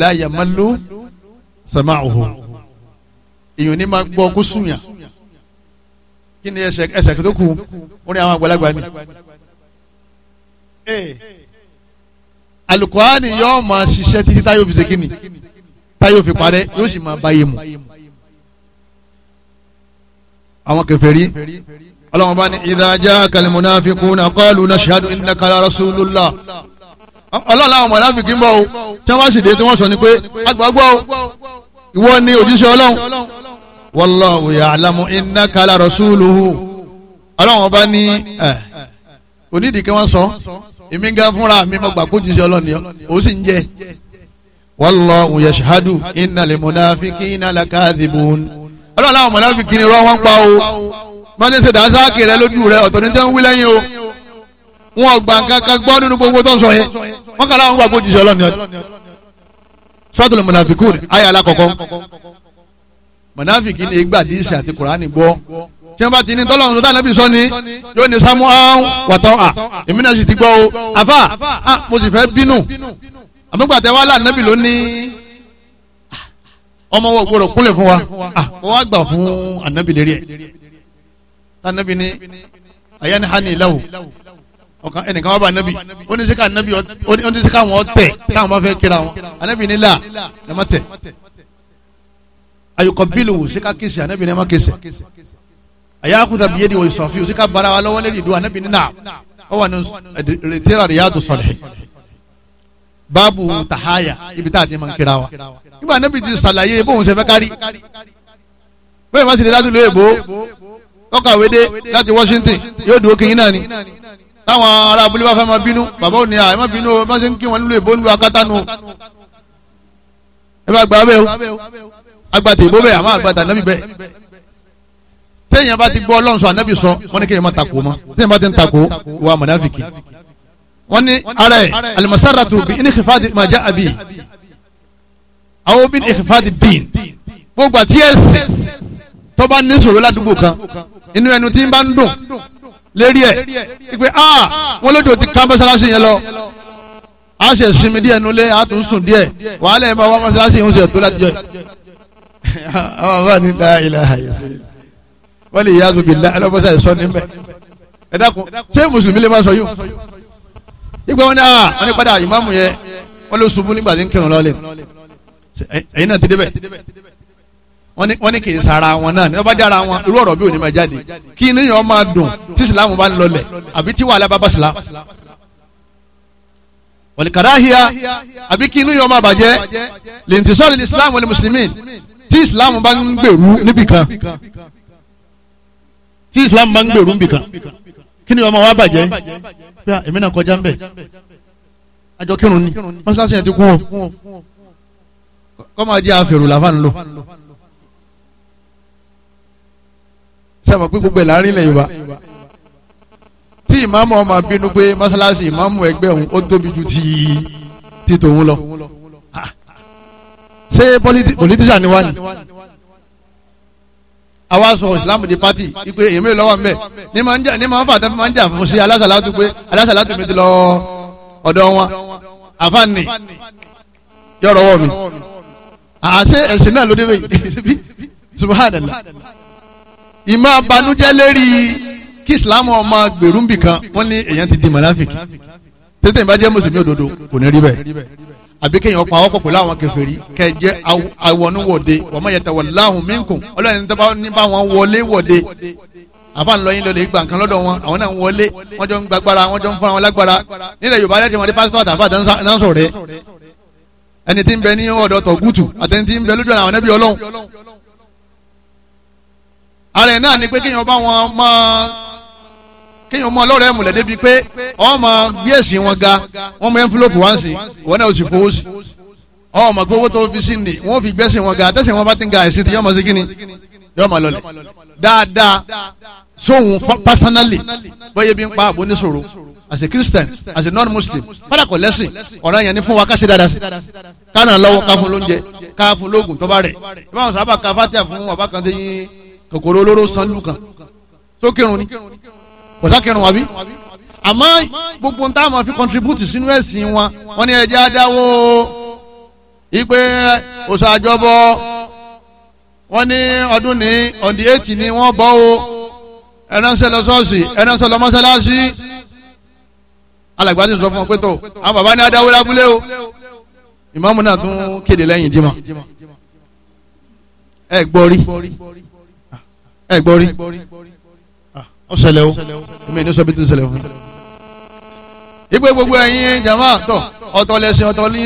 láyàmálú sàmáhùn èèyàn ní máa gbọ́ kó sùn yàn. Kini ni ẹsẹ̀ ẹsẹ̀ tó kù ó ní àwọn àgbàlagbà ni. Eh. alukoani yóò máa ṣiṣẹ́ títí táyọ̀ fi ṣe kí ni táyọ̀ fi parẹ́ yóò sì máa báyé mu. àwọn kèfèrí ọlọ́wọ́n bá ní ìdájá kalimunafikuna qalu nashhadu innaka la rasulullah ọlọ́run àwọn mọ̀láfíkì ń bọ̀ o tí wọ́n bá sì dé tí wọ́n sọ ni pé agbọ́gbọ́ ìwọ ni òjíṣẹ́ ọlọ́run wallahu ya'lamu innaka la rasuluhu ọlọ́run ọba ní ẹ onídìí kí wọ́n sọ èmi gan fúnra mi mọ̀ gbà kójú sí ọlọ́ni ó sì ń jẹ wallahu yashhadu innal munafiqina lakadhibun ọlọ́run àwọn mọ̀nàfíkì ni rọ́ wọ́n pa o mọ́ni ṣe dàásáàkì rẹ lójú rẹ ọ̀tọ̀ ní tẹ́ ń wí lẹ́yìn o wọn gbà kankan gbọ́ nínú gbogbo tó ń sọ yẹn wọn kà láwọn gbà kójú sí ọlọ́ni ọ̀tọ̀ suratul munafiqun ayé alákọ̀ọ́kọ́ mọ̀nàfíkì ni ìgbà díìsì àti kùránì gbọ́ tí wọ́n bá ti ní tọ́lọ́run tó tànàbí sọ ni yóò ní sámú ahun wàtọ́ à èmi náà sì ti gbọ́ o àfà à mo sì fẹ́ bínú àmúgbàtẹ́ wàhálà nàbì ló ní ọmọ wọ gbọdọ̀ kúnlẹ̀ fún wa à mo wá gbà fún ànábì lérí ẹ̀ tànàbì ni àyànní hàní ìlàwọ̀ ọkàn ẹnìkan wà bá anabi ó ní anabi ó ní wọn tẹ táwọn bá fẹ́ kíra wọn anabi nílà ẹ má tẹ ayọkọ bílù wò sí ká kẹsì anabi ní ẹ má kẹsì ayakuta biye di oye sọfi o sí ká bara wa lọ́wọ́ lẹni du anabi nínà ọ wà ní retira riyadu sọlẹ baabu tahaya ibi tá a ti máa ń kira wa nígbà anabi ti sàlàyé bóun ṣe fẹ́ kárí bẹ́ẹ̀ má sì ní láti lo èbó ọkàwé dé Washington yóò dúró kìnyín náà ni táwọn ará abúlé bá fẹ́ máa bínú bàbá ò ní à ẹ má bínú o má ṣe ń kí wọn nílò èbó nílò akátá nu ẹ bá gbà bẹ́ẹ̀ o agbata ìbò bẹ́ẹ̀ àmọ́ agbata ànábì bẹ́ẹ̀ téèyàn bá ti gbọ́ ọlọ́run sọ ànábì sọ wọ́n ní kéèyàn má takò mọ́ téèyàn bá ti ń takò wà mọ̀nàfìkì wọ́n ní ara ẹ̀ alimusaratu bi ní kìfàdì máa já àbí àwọn obìnrin ní kìfàdì dín gbogbo àti ẹsẹ̀ tó bá ní sòrò ládùúgbò kan inú ẹnu tí ń bá ń dùn lérí ẹ̀ pé ah wọ́n lódò ti ká mọ́sálásí yẹn lọ a ṣe sinmi díẹ̀ nulẹ̀ a tún sùn díẹ̀ wàhálà ẹ̀ máa wá mọ́sálásí yẹn ń ṣe tó láti àwọn àbá ní la ilaha illallah wọ́n lè yáàgò bìlá alábọ́sà ìsọ níbẹ̀ ẹ dákun ṣé mùsùlùmí lè má sọ yìí ìgbà o ni ah wọn ni padà ìmáàmù yẹ wọn lè ṣubú nígbà tí ń kírun lọ́lẹ̀ ẹ̀yin náà ti débẹ̀ wọ́n ní kì í sara wọn náà ní wọ́n bá jára wọn irú ọ̀rọ̀ bí òní máa jáde kí inú yẹn máa dùn tí sìláàmù bá ń lọlẹ̀ àbí tí wàhálà bá bá sìláàmù. wọ̀lìkàdáhìá àbí kí inú yẹn máa bàjẹ́ lè islam wal muslimin tí islam bá ń gbèrú níbìkan tí islam bá ń gbèrú níbìkan kí ni ọmọ wa bàjẹ́ pé èmi náà kọjá ń bẹ̀ àjọ kírun ni mọ́ṣáláṣí yẹn ti kún o kọ́mọ ajé àfẹ̀rù làfà ń lò sábà pé gbogbo ẹ̀ láàrin ilẹ̀ yorùbá tí ìmáàmù ọmọ bínú pé mọ́ṣáláṣí ìmáàmù ẹgbẹ́ òun ó tóbi ju ti tòun lọ ṣé politician ni wá ni àwa sọ islam di party ipe èyí mi lọ́wọ́ mbẹ́ ní máa ń jà ní máa ń fà tẹ́fẹ́ máa ń jà fún sí alásàlátù pé alásàlátù mi ti lọ ọ̀dọ̀ wọn àfààní yọ̀rọ̀ wọ̀ mi àṣẹ ẹ̀sìn náà ló bẹ́ẹ̀ subhanallah ìmọ̀ abanújẹ́ lérí kí islam ọmọ gbèrú nbìkan wọ́n ní èèyàn ti di màláfíkì tètè ìbàjẹ́ mùsùlùmí òdodo kò ní rí bẹ́ẹ̀ àbí kéèyàn pa ọkọ̀ pẹ̀lú àwọn kèfèrí kẹjẹ àwọnúwọ̀de wọ́n máa yẹtẹ̀ wọ̀láhùn minkum ọlọ́run tó bá ní bá wọn wọlé wọ̀de àbá ń lọ yín lọlẹ́ gbà nǹkan lọ́dọ̀ wọn àwọn náà ń wọlé wọ́n jọ ń gbagbára wọ́n jọ ń fún àwọn lágbára nílẹ̀ Yorùbá lẹ́tì wọn ní pásítọ̀ àtàfà dáńsọ̀ rẹ̀ ẹni tí ń bẹ ní ọ̀dọ̀ tọ̀gùtù àtẹni kéèyàn mọ ọlọ́rọ̀ ẹ̀ múlẹ̀ débi pé ọmọ bí èsì wọn ga wọn mọ ẹnfúlọ́pù wá sí wọn náà ó sì fowó sí ọmọ gbowó tó fi sí ni wọn fi gbẹ́sìn wọn ga tẹ̀sìn wọn bá ti ń ga àìsí ti yọmọ sí kíni yọmọ lọlẹ̀ dáadáa sóhun pásánálì bóyá bí ń pa àbò níṣòro as a christian as a non-muslim padàkọ̀ lẹ́sìn ọ̀rọ̀ yẹn ni fún wa ká ṣe dáadáa sí kánà lọ́wọ́ ká fún lóúnjẹ ká fún lóògùn tó bá rẹ̀ ìbáwọn sábà ká fàtíà fún ọba kan tó yín kòkòrò olóró sanlù kan tó kírun ni kọ̀sákẹ́rùn wa bí àmọ́ gbogbo ń tá máa fi contribute sínú ẹ̀sìn wọn wọn ni ẹ̀jẹ̀ adáwó ipe òṣàjọbọ wọn ní ọdún ní ọ̀dí ètì ni wọ́n bọ́ o ẹ̀ránṣẹ́ lọ sọ́ọ̀sì ẹ̀ránṣẹ́ lọ mọ́ṣáláṣí alàgbà ti sọ fún ọ pé tó àwọn bàbá ní adáwó lábúlé o ìmáàmù náà tún kéde lẹ́yìn dímọ̀ ẹ gbọ́ rí ẹ gbọ́ rí ó ṣẹlẹ̀ o èmi ní sọ́bi tó ṣẹlẹ̀ fún mi. ìpè gbogbo ẹ̀yin jama tọ̀ ọ̀tọ̀ lẹ́sìn ọ̀tọ̀ ní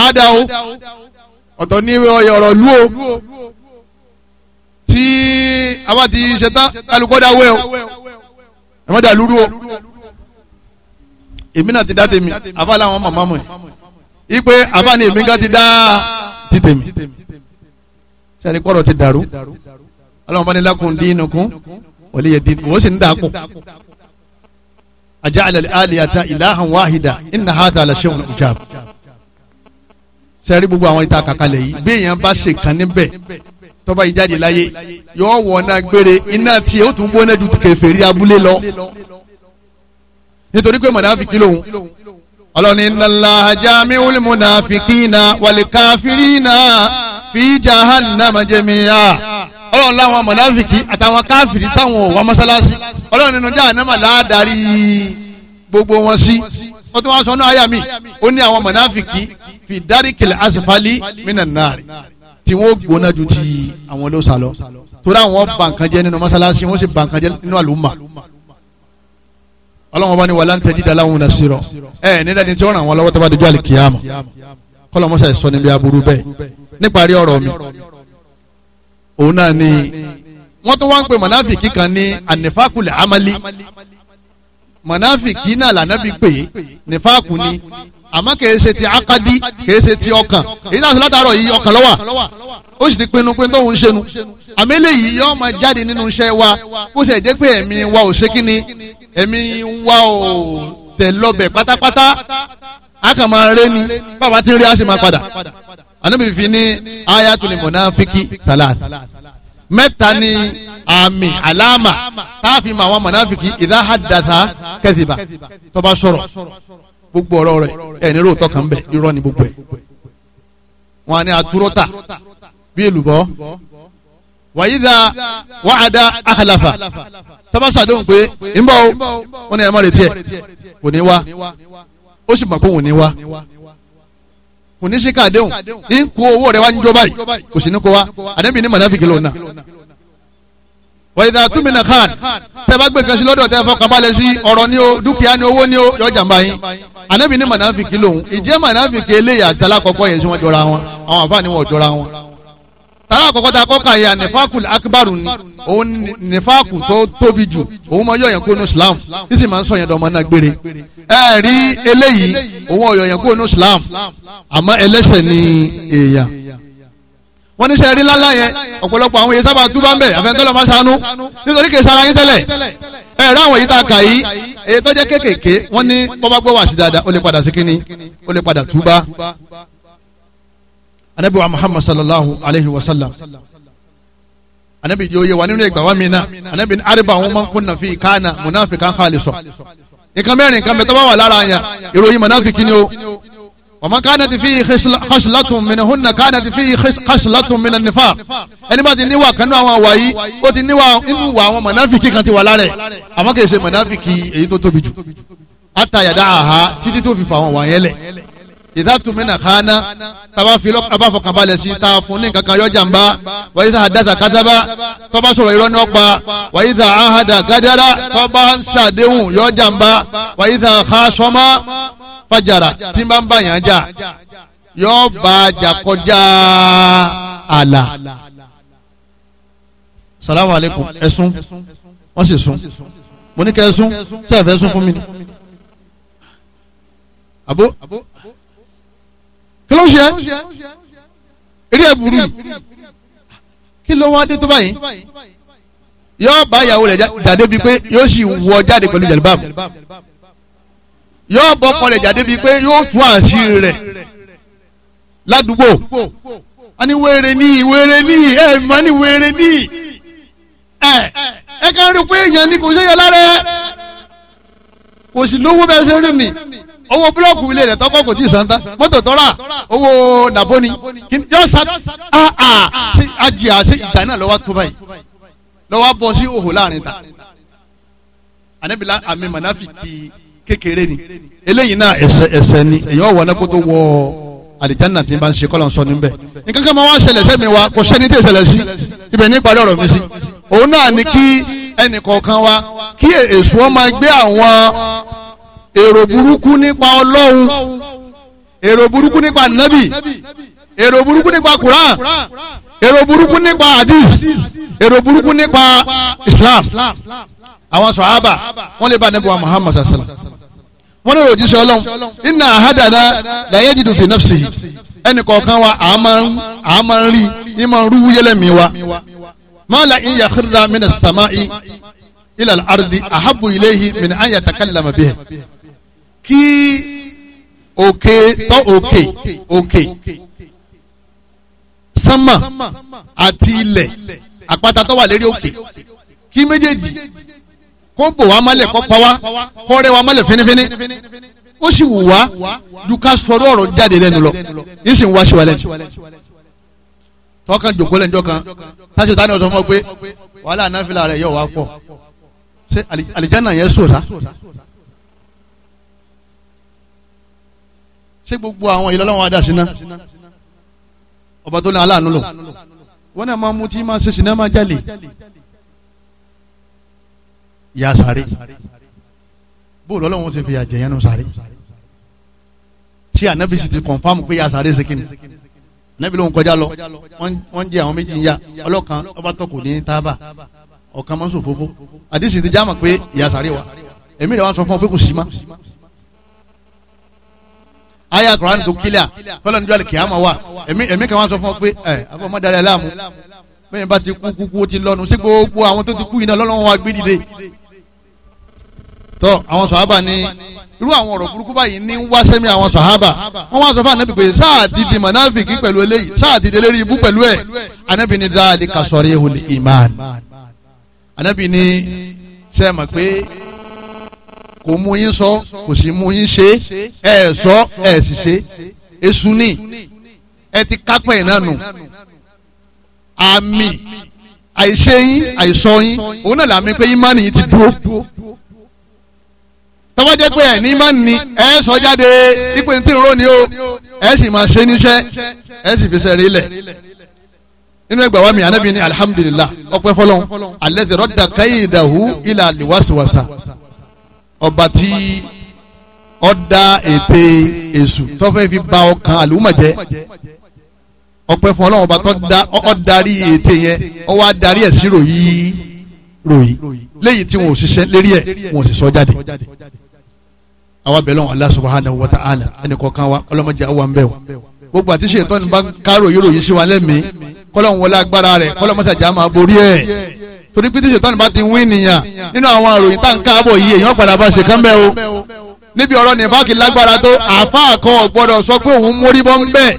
àádá o ọ̀tọ̀ ní ọ̀rọ̀ lu o tí a bá ti ṣetán kálukọ́ dá wẹ́ o ẹ̀ mọ́ dà lúrú o èmi náà ti dá tèmi àbá làwọn màmá mọ̀ ẹ́ ipe àbá ni èmi kan ti dá ti tèmi sẹ́ni kọ́rọ̀ ti dàrú ọlọ́run bá ní lákùn dín inú kún wọlé yẹ dín wọ́n sì ń dà kù aja'ala al-alihata ilahan wahida inna hadha la shay'un ujab sẹ́rí gbogbo àwọn ìta kàkàlẹ̀ yìí béèyàn bá ṣe kan níbẹ̀ tọ́ba yìí jáde láyé yọ̀ọ́ wọ̀nà gbére iná tiẹ̀ ó tún gbóná ju kèfèrí abúlé lọ nítorí pé mọ̀nàfíkì lòun ọlọ́ni innalaha jami'ul munafikina wal kafirina fi jahannama jami'a ọlọ́run láwọn mọ̀nàfìkì àtàwọn káfìrí táwọn òwà mọ́sálásí ọlọ́run nínú dáhà náà láàdárí gbogbo wọn sí wọ́n tún wá sọ náà àyà mi ó ní àwọn mọ̀nàfìkì fi dárìkìlì asfali minan nar tí wọ́n gbóná ju ti àwọn ló sá lọ torí àwọn bànkan jẹ́ nínú mọ́sálásí wọ́n sì bànkan jẹ́ nínú àlùmà ọlọ́run bá ní wàlá ń tẹ́jú daláwọn náà sírọ ẹ nílẹ̀ ní tí wọ́n ràn wọ́n lọ́wọ́ tó bá dojú àlìkìyàmù kọ́lọ́mọ́sà ìsọ níbi aburú bẹ́ẹ̀ níparí ọ̀rọ̀ mi òun náà ni wọ́n tún wá ń pè mọ̀náfìkì kan ní ànífàkùlẹ̀ amali mọ̀náfìkì náà lànàbí pè é nífàkù ni àmọ́ kìí ṣe ti akadi kìí ṣe ti ọkàn èyí náà sọ látàárọ̀ yìí ọkàn lọ́wọ́ ó sì ti pinnu pé tóun ṣe nu àmì eléyìí yóò máa jáde nínú iṣẹ́ wa kó sì jẹ́ pé ẹ̀mí wa ò ṣe kí ni ẹ̀mí wa ò tẹ̀ lọ́bẹ̀ pátápátá a kàn máa rẹ́ ni bàbá ti rí a sì máa padà anabi ni ní ayatul munafiki talat mẹ́ta ni àmì àlámà táàfin ma àwọn munafiki idha haddatha kadhiba tó bá gbogbo ọ̀rọ̀ rẹ̀ ẹ̀ ní róòtọ́ kan bẹ̀ ni gbogbo ẹ̀ wọn ni àtúrótà bí èlùbọ́ wàyídà wàhádà àhàlàfà tabasàdéhùn pé ń bọ̀ wọn ni ẹ̀ má retí ẹ̀ kò ní wá ó sì mọ̀ pé òun ní wá kò ní sí káàdéhùn ní kó owó rẹ wá ń jọ báyìí kò sí ní kó wa àdébí ní mọ̀nàfíkì lónà. wàyídà túmínà khan tẹ bá gbé nǹkan sí lọ́dọ̀ tẹ fọkànbalẹ̀ sí ọ̀rọ̀ ni o dúkìá ni owó ni o yọ jàmbá yín àdébí ní mọ̀nàfíkì lóhùn ìjẹ́ mọ̀nàfíkì eléyà àtàlákọ̀kọ̀ yẹn sí wọn jọra wọn àwọn àfáàní wọn jọra wọn tààrà àkọ́kọ́ tá a kọ́ka yà nífàkù akíbarù ni òun nífàkù tó tóbi jù òun máa yọ̀yàn kó nu islam Isi máa ń sọ yẹn dọ̀mọ́ náà gbére ẹ rí eléyìí òun ọ̀yọ̀yàn kó nu islam àmọ́ ẹlẹ́sẹ̀ ni èèyàn wọ́n ní sẹ́ẹ̀rí ńláńlá yẹn ọ̀pọ̀lọpọ̀ àwọn èyí sábà túbọ̀ ń bẹ̀ àfẹ́ńtọ́lọ́ máa ṣàánú nítorí kì í sara yín tẹ́lẹ̀ ẹ rẹ àwọn yìí tá a kà yìí èyí tọ́jẹ́ kéékèèké wọ́n ní bọ́bá gbọ́ wàásù dáadáa anabi wa muhammad sallallahu alayhi wa sallam anabi jẹ́ oyè wa nínú ìgbà wa mi na anabi ní ariba àwọn máa ń kún nàfi kánà munafikan khalisan nǹkan mẹ́rin nǹkan mẹ́ta bá wà lára yẹn ìròyìn munafiki ni o wa man kanat fihi khaslatun minhunna kanat fihi khaslatun minan nifaq ẹni bá ti níwà kanú àwọn àwà yìí ó ti níwà inú wà àwọn munafiki kan ti wà lára ẹ̀ àmọ́ kì í ṣe munafiki èyí tó tóbi jù àtàyàdá àhá títí tó fi fà wọn wà yẹn ìdátùmínà kánà tàbá fi lọ́kàn bá fọkàn balẹ̀ si ta fún ní kankan yọjà ń bá wàyí sá àdáta kátàbá tọ́ba sọ̀rọ̀ irọ́ ní ọ̀pá wàyí sá àhàdà gádàrà tọ́ba ń sàdéhùn yọjà ń bá wàyí sá àkàsọ́mọ́ fàjàrà tí bá ń bá yàn já yọ bá jà kọjá àlà. salamu aleykum ẹ̀sùn wọ́n sì sùn mo ní kẹ́ ẹ̀sùn tí a fẹ́ sùn fún mi ni ló ń ṣe eré ẹ̀bùrú kí ló wá dé tó báyìí yóò bá ìyàwó rẹ̀ jáde bíi pé yóò sì wọ jáde pẹ̀lú jàlúbàmù yóò bọ́ ọkọ rẹ̀ jáde bíi pé yóò tú àṣírí rẹ̀ ládùúgbò a ní wèrè ní wèrè ní ẹ mọ ní wèrè ní ẹ ẹ kàn rí pé èèyàn ni kò ṣe yẹ lára ẹ kò sì lówó bẹ́ẹ̀ ṣe rí mi owó búlọ́ọ̀kù ilé rẹ̀ tọ́kọ̀ kò tí ì san tán mọ́tò tọ́ra owó nàbóni yọ sa aa ṣe ajìyà ṣe ìjà náà lọ́wọ́ tó báyìí lọ́wọ́ bọ́ sí òhò láàrin ta ànábìlà àmì mànáfìkì kékeré ni eléyìí náà ẹsẹ ẹsẹ ni èyí ọ̀wọ́ náà kó tó wọ àlìjáná tí n bá ń ṣe kọ́lọ̀ ń sọ níbẹ̀ nǹkan kan máa wá ṣẹlẹ̀ sẹ́mi wa kò sẹ́ni tí ì ṣẹlẹ̀ sí ní ìparí ọ̀rọ̀ mi sí òun náà ni kí ẹnì kọ̀ọ̀kan wa kí èso máa gbé àwọn èrò burúkú nípa ọlọ́run èrò burúkú nípa nábì èrò burúkú nípa quran èrò burúkú nípa hadith èrò burúkú nípa islam àwọn sọ̀hábà wọ́n lè bá nípa muhammad sallallahu alayhi wa wọ́n lè ròjì sọ lọ́hùn inna ahadana la yajidu fi nafsihi ẹnì kọ̀ọ̀kan wa àá ń rí i máa ń rúwú yẹlẹ̀ mi wa ma la in yakhrra mina samai ila al-ardi ahabbu ilayhi min an yatakallama bihi kí òkè tọ́ òkè òkè sánmà àti ilẹ̀ àpáta tó wà lérí òkè kí méjèèjì kó bò wá mọ́lẹ̀ kó pa wá kó rẹ́ wá mọ́lẹ̀ fínífíní ó sì wù wá ju ká sọ̀rọ̀ ọ̀rọ̀ jáde lẹ́nu lọ yìí sì ń wá síwálẹ̀ tọ́kàn jòkó lẹ́njọ́ kan táṣì tani ọ̀sán mọ́ pé wàhálà anáfíà rẹ̀ yóò wá pọ̀ ṣé àlìjánà yẹn sòrà ṣé gbogbo àwọn ìlú ọlọ́wọ́n adá síná ọba tó ní aláàánú lò wọn náà máa mutí máa ṣe sinimá jalè ya sáré bóòlù ọlọ́wọ́n ti fi àjẹyẹn nù sáré tí ànábì sì ti kọ̀nfàmù pé ya sáré ṣe kíni nẹ́bí ló ń kọjá lọ wọ́n ń jẹ àwọn méjì ń ya ọlọ́kan ọba tó kò ní tábà ọ̀kan mọ́sùn fófó àdìsí ti já mọ̀ pé ya sáré wa èmi rẹ̀ wá sọ fún ọ pé kò sí ma aya Quran tó kílíà kọ́lọ́ níjọ́ àlèkè àmọ́ wa ẹ̀mí ẹ̀mí kan wá sọ fún ọ pé ẹ àfọmọ́ darí aláàmú bẹ́ẹ̀ bá ti kú kúkú ti lọ́nu sí gbogbo àwọn tó ti kú iná lọ́lọ́wọ́n wa gbé dìde tọ́ àwọn sọ̀hábà ní irú àwọn ọ̀rọ̀ burúkú báyìí ní wá sẹ́mi àwọn sọ̀hábà wọ́n wá sọ fún anabi pé sáà ti di mọ̀nàfìkì pẹ̀lú eléyìí sáà ti di eléyìí ibú pẹ̀lú ẹ̀ anabi ní dáadé kasọ̀rẹ́ ìhòlì ìmáàni anabi ní sẹ́ẹ̀ mọ̀ pé kò mú yín sọ kò sì mú yín ṣe ẹ sọ ẹ sì ṣe èṣù ni ẹ ti kápẹ́ ẹ̀ náà nù àmì àìṣe yín àìsọ yín òun náà làmì pé ìmánì yín ti dúró tọ́wọ́ jẹ́ pé ẹ̀ ìmánì ni ẹ sọ jáde ipe tí ń rò ní o ẹ sì máa ṣe níṣẹ́ ẹ sì fi sẹ́rí lẹ̀ nínú ẹgbàá wa mi anabi ni alihamdulilah ọpẹ́ fọlọ́n alẹ́ ti rọ́dà káyìdàhù ilà àlìwàsíwàsà ọba tí ó dá ète èṣù tó fẹ́ fi ba ọkàn àlùmọ̀ jẹ́ ọpẹ́ fún ọlọ́run ọba tó dá ó darí ète yẹn ó wá darí ẹ̀ sí ròyìn ròyìn léyìí tí wọn ò ṣiṣẹ́ lérí ẹ̀ wọn ò sì sọ jáde àwa bẹ̀rẹ̀ wọn Allah subhanahu wa ta'ala ẹnì kọ̀ọ̀kan wa ọlọ́mọdé àwọn ń bẹ̀ wọ́n gbogbo àti ṣètò ní bá ń kárò yìí ròyìn sí wa lẹ́mìí kọ́lọ́hún wọlé agbára rẹ̀ kọ́lọ́mọsàjà máa borí ẹ̀ torí pété ṣètọ́ni bá ti wín nìyàn nínú àwọn àròyìn tá n káàbọ̀ yìí èèyàn padà bá ṣe kán bẹ́ẹ̀ o níbi ọ̀rọ̀ nìfàkì lágbára tó àáfàá kan gbọ́dọ̀ sọ pé òun mórí bọ́ ń bẹ̀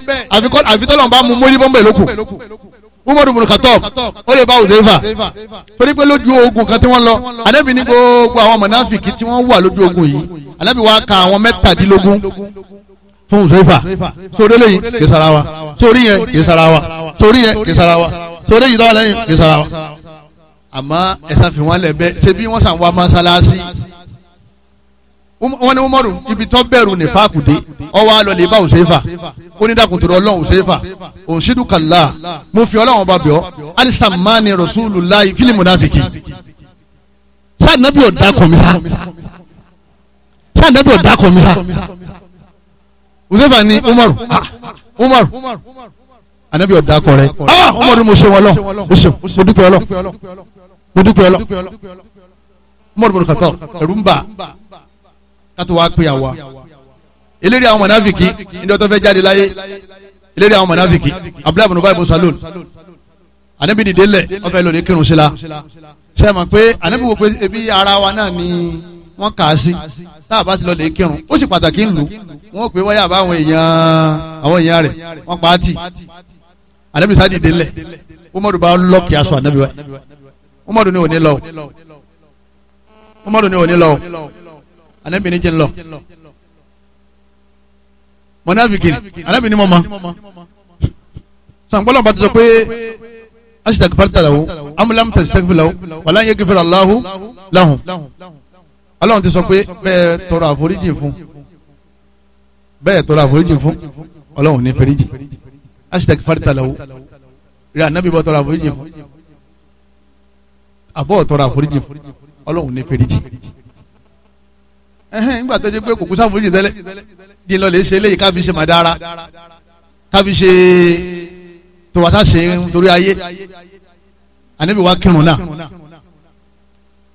àfitọ́lọ̀ bá mu mórí bọ́ ń bẹ̀ lóko umaru bin khattab ó lè bá òdeva torí pé lójú ogun kan tí wọ́n lọ ànábì ní gbogbo àwọn mọ̀náfìkì tí wọ́n wà lójú ogun yìí ànábì wa ka àwọn mẹ́tàdínlógún fún òdeva sórí lẹ́yìn kìsàrà wa sórí yẹn kìsàrà wa sórí yẹn kìsàrà wa sórí yìí dáwà lẹ́yìn kìsàrà wa àmọ́ ẹ̀sán fi wọ́n lẹ̀ bẹ́ẹ̀ ṣe bí wọ́n sàn wá mọ́sálásí wọ́n ní umaru ibi tó bẹ̀rù ní fàkùdé ọwọ́ alọ́lẹ̀ ibà òṣèfà ó ní dàkùntòrò ọlọ́run òṣèfà òṣìdùkàlà mo fi ọlọ́run ọba bẹ̀ ọ́ alisamani rasulillahi fili munafiki sànàbí ọ̀dà kọ̀mísà sànàbí ọ̀dà kọ̀mísà òṣèfà ni umaru ah, umaru anabi ọ̀dà kọ̀rẹ́ ah, umaru mo ṣe wọn lọ mo ṣe mo dúpẹ́ ọlọ́ mo dúpẹ́ ọlọ́ mọ́rọ̀ bọ̀rọ̀ kàtọ́ ẹ̀rú ń bà kátó wá pé àwa eléré àwọn mọ̀nàfìkì ní ọtọ́ fẹ́ jáde láyé eléré àwọn mọ̀nàfìkì abdullahi bin ubayi bin salul anabi dìde lẹ̀ ọfẹ́ lọ́ọ́ lè kírun sí la pé anabi wo pé ebi ara wa náà ni wọ́n kà á sí tá a bá ti lọ lè kírun ó sì pàtàkì ń lù wọ́n pè wáyà bá àwọn èèyàn àwọn èèyàn rẹ̀ wọ́n pa á tì anabi sáà dìde lẹ̀ ó mọ̀rọ̀ bá lọ́ọ̀kì aṣọ anabi wa Umaru ní òní lọ Umaru ní òní lọ anabi ní jẹ́ ńlọ mọ̀nàbìkì anabi ní mọ̀mọ́ sàǹgbọ́lọ́ bá ti sọ pé asitagfarita lahu amulam tasitagfi lahu wàlá yẹ gifira lahu lahun aláwọn ti sọ pé bẹ́ẹ̀ tọrọ àforíjì fún bẹ́ẹ̀ tọrọ àforíjì fún ọlọ́run ní fèrèjì asitagfarita lahu rẹ anabi bọ́ tọrọ àforíjì fún àbọ̀ ọ̀tọ́ra àforíjì ọlọ́run ní fèrèjì ẹ̀hẹ́n nígbà tó dé pé kòkó sáforíjì tẹ́lẹ̀ di lọ lè ṣe eléyìí káfi ṣe màdára káfi ṣe tòwátà ṣe nítorí ayé ànábì wa kírun náà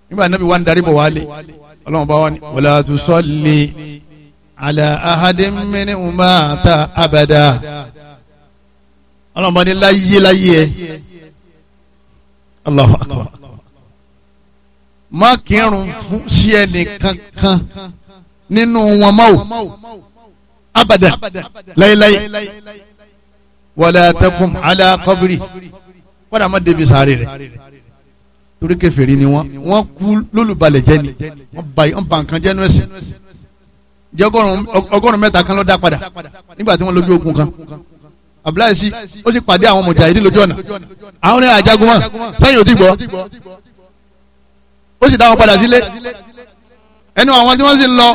nígbà ànábì wa ń darí bọ̀ wálé ọlọ́run bá wà ní wala tusalli ala ahadin minhum mata abada ọlọ́run bá ní láyé láyé ẹ Allahu akbar má kírun fún sí ẹnìkan kan nínú wọn mọ́ o abada láyéláyé wala takum ala qabri kọ́dà má débi sáré rẹ̀ torí kèfèrí ni wọ́n wọ́n kú lólùbalẹ̀ jẹ́ ni wọ́n ba wọ́n ba nǹkan jẹ́nu ẹ̀sìn jẹ́ ọgọ́rùn-ún mẹ́ta kan ló dá padà nígbà tí wọ́n lójú ogun kan abúláyé sí ó sì pàdé àwọn mọ̀jà yìí lójú ọ̀nà àwọn ní àjagun mọ́ sẹ́yìn ò ti gbọ́ ó sì dá wọn padà sílé ẹnu àwọn tí wọ́n sì ń lọ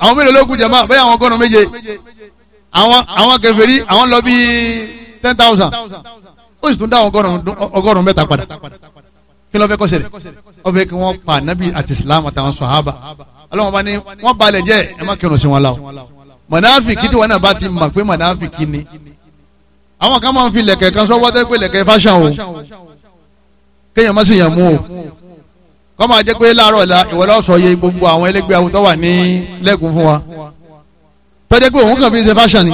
àwọn mélòó ló kù jẹ̀mọ́ bẹ́ẹ̀ àwọn ọgọ́rùn-ún méje àwọn àwọn kèfèrí àwọn lọ bíi ten thousand ó sì tún dá ọgọ́rùn-ún mẹ́ta padà kí ló fẹ́ kọ́ sẹ̀rẹ̀ ó fẹ́ kí wọ́n pa nabi àti islam àtàwọn sọ̀hábà ọlọ́wọ́n bá ní wọ́n balẹ̀ jẹ́ ẹ má kírun sí wọn la o mọ̀nàfìkì tí wọn náà bá ti mọ̀ pé mọ̀nàfìkì ni àwọn kan máa ń fi lẹ̀kẹ̀ kan sọ́wọ́ tẹ́ pé lẹ̀kẹ̀ fáṣà o kéèyàn má sì yàn mú o kọ́ máa jẹ́ pé láàárọ̀ la ìwọ lọ́sọ̀ yẹ gbogbo àwọn ẹlẹ́gbẹ́ àwọn tó wà ní lẹ́kùn fún wa tọ́jẹ́ pé òun kàn fi ṣe fashion ni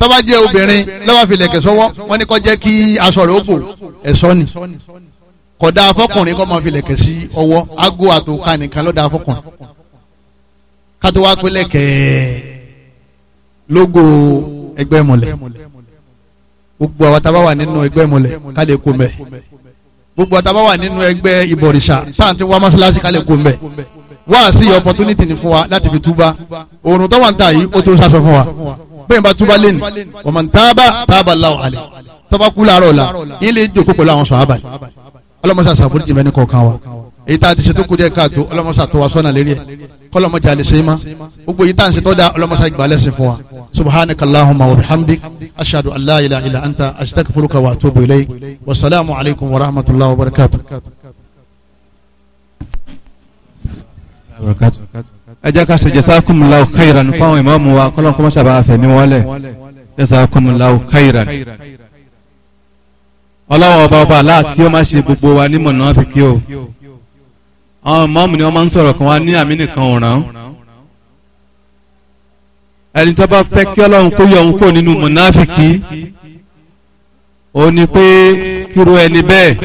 tọ́ba jẹ́ obìnrin lọ́wọ́ fi lẹ̀kẹ̀ sọ́wọ́ wọ́n ní kọ́ jẹ́ kí aṣọ rẹ̀ ó bò ẹ̀ṣọ́ ni kódà afọkùnrin kọ́ máa fi lẹ̀kẹ̀ sí ọwọ́ aago àtòkà nìkan lọ́dà afọkùnrin kátó wá pé lẹ̀kẹ̀ lógo ẹgbẹ́ mọ̀lẹ́ gbogbo àwọn tábà wà nínú ẹgbẹ́ mọ̀lẹ́ ká lè kó mẹ́ gbogbo ọ̀tá bá wà nínú ẹgbẹ́ ìbọ̀rìṣà táǹtí wá mọ́ṣáláṣí kálẹ̀ kó mbẹ́ wá sí opportunity ni fún wa láti fi túbá oòrùn tó wà ń ta yìí ó tó sáṣọ fún wa bẹ́ẹ̀ bá túbá lẹ́nu ọmọ ń tábà tábà láwọ̀ tọ́ba kú láàárọ̀ la ilé ìjókòó pẹ̀lú àwọn sọ̀hábà ọlọ́mọṣà sàbóríjì mẹ́ni kọ̀ọ̀kan wa èyí tá a ti ṣe tó kú díẹ̀ káàtó ọlọ́mọṣà tó wa sọ́nà lérí ẹ̀ kọ́lọ́mọjà àlè ṣe é má gbogbo èyí tá a ṣe tó da ọlọ́mọṣà ìgbà lẹ́sìn fún wa subhanaka allahumma wa bihamdik ashadu an la ilaha illa anta astaghfiruka wa atubu ilayk wa salaamu alaykum wa rahmatullahi wa barakatuh. ẹ jẹ́ ká ṣe jazakumullahu khairan fáwọn ìmáàmù wa kọ́lọ́n kọ́mọ́ ṣàbá àfẹ̀mí wọlé jazakumullahu khairan ọlọ́wọ́ ọba ọba aláàkí ó má ṣe gbogbo wa ní mọ̀nà fi kí o àwọn mọ́ọ̀mù ni wọ́n máa ń sọ̀rọ̀ kan wá ní àmì nìkan ọ̀ràn ẹni tó bá fẹ́ kí ọlọ́run kó yọ òun kó nínú mọ̀náfìkì ó ní pé kíro ẹni bẹ́ẹ̀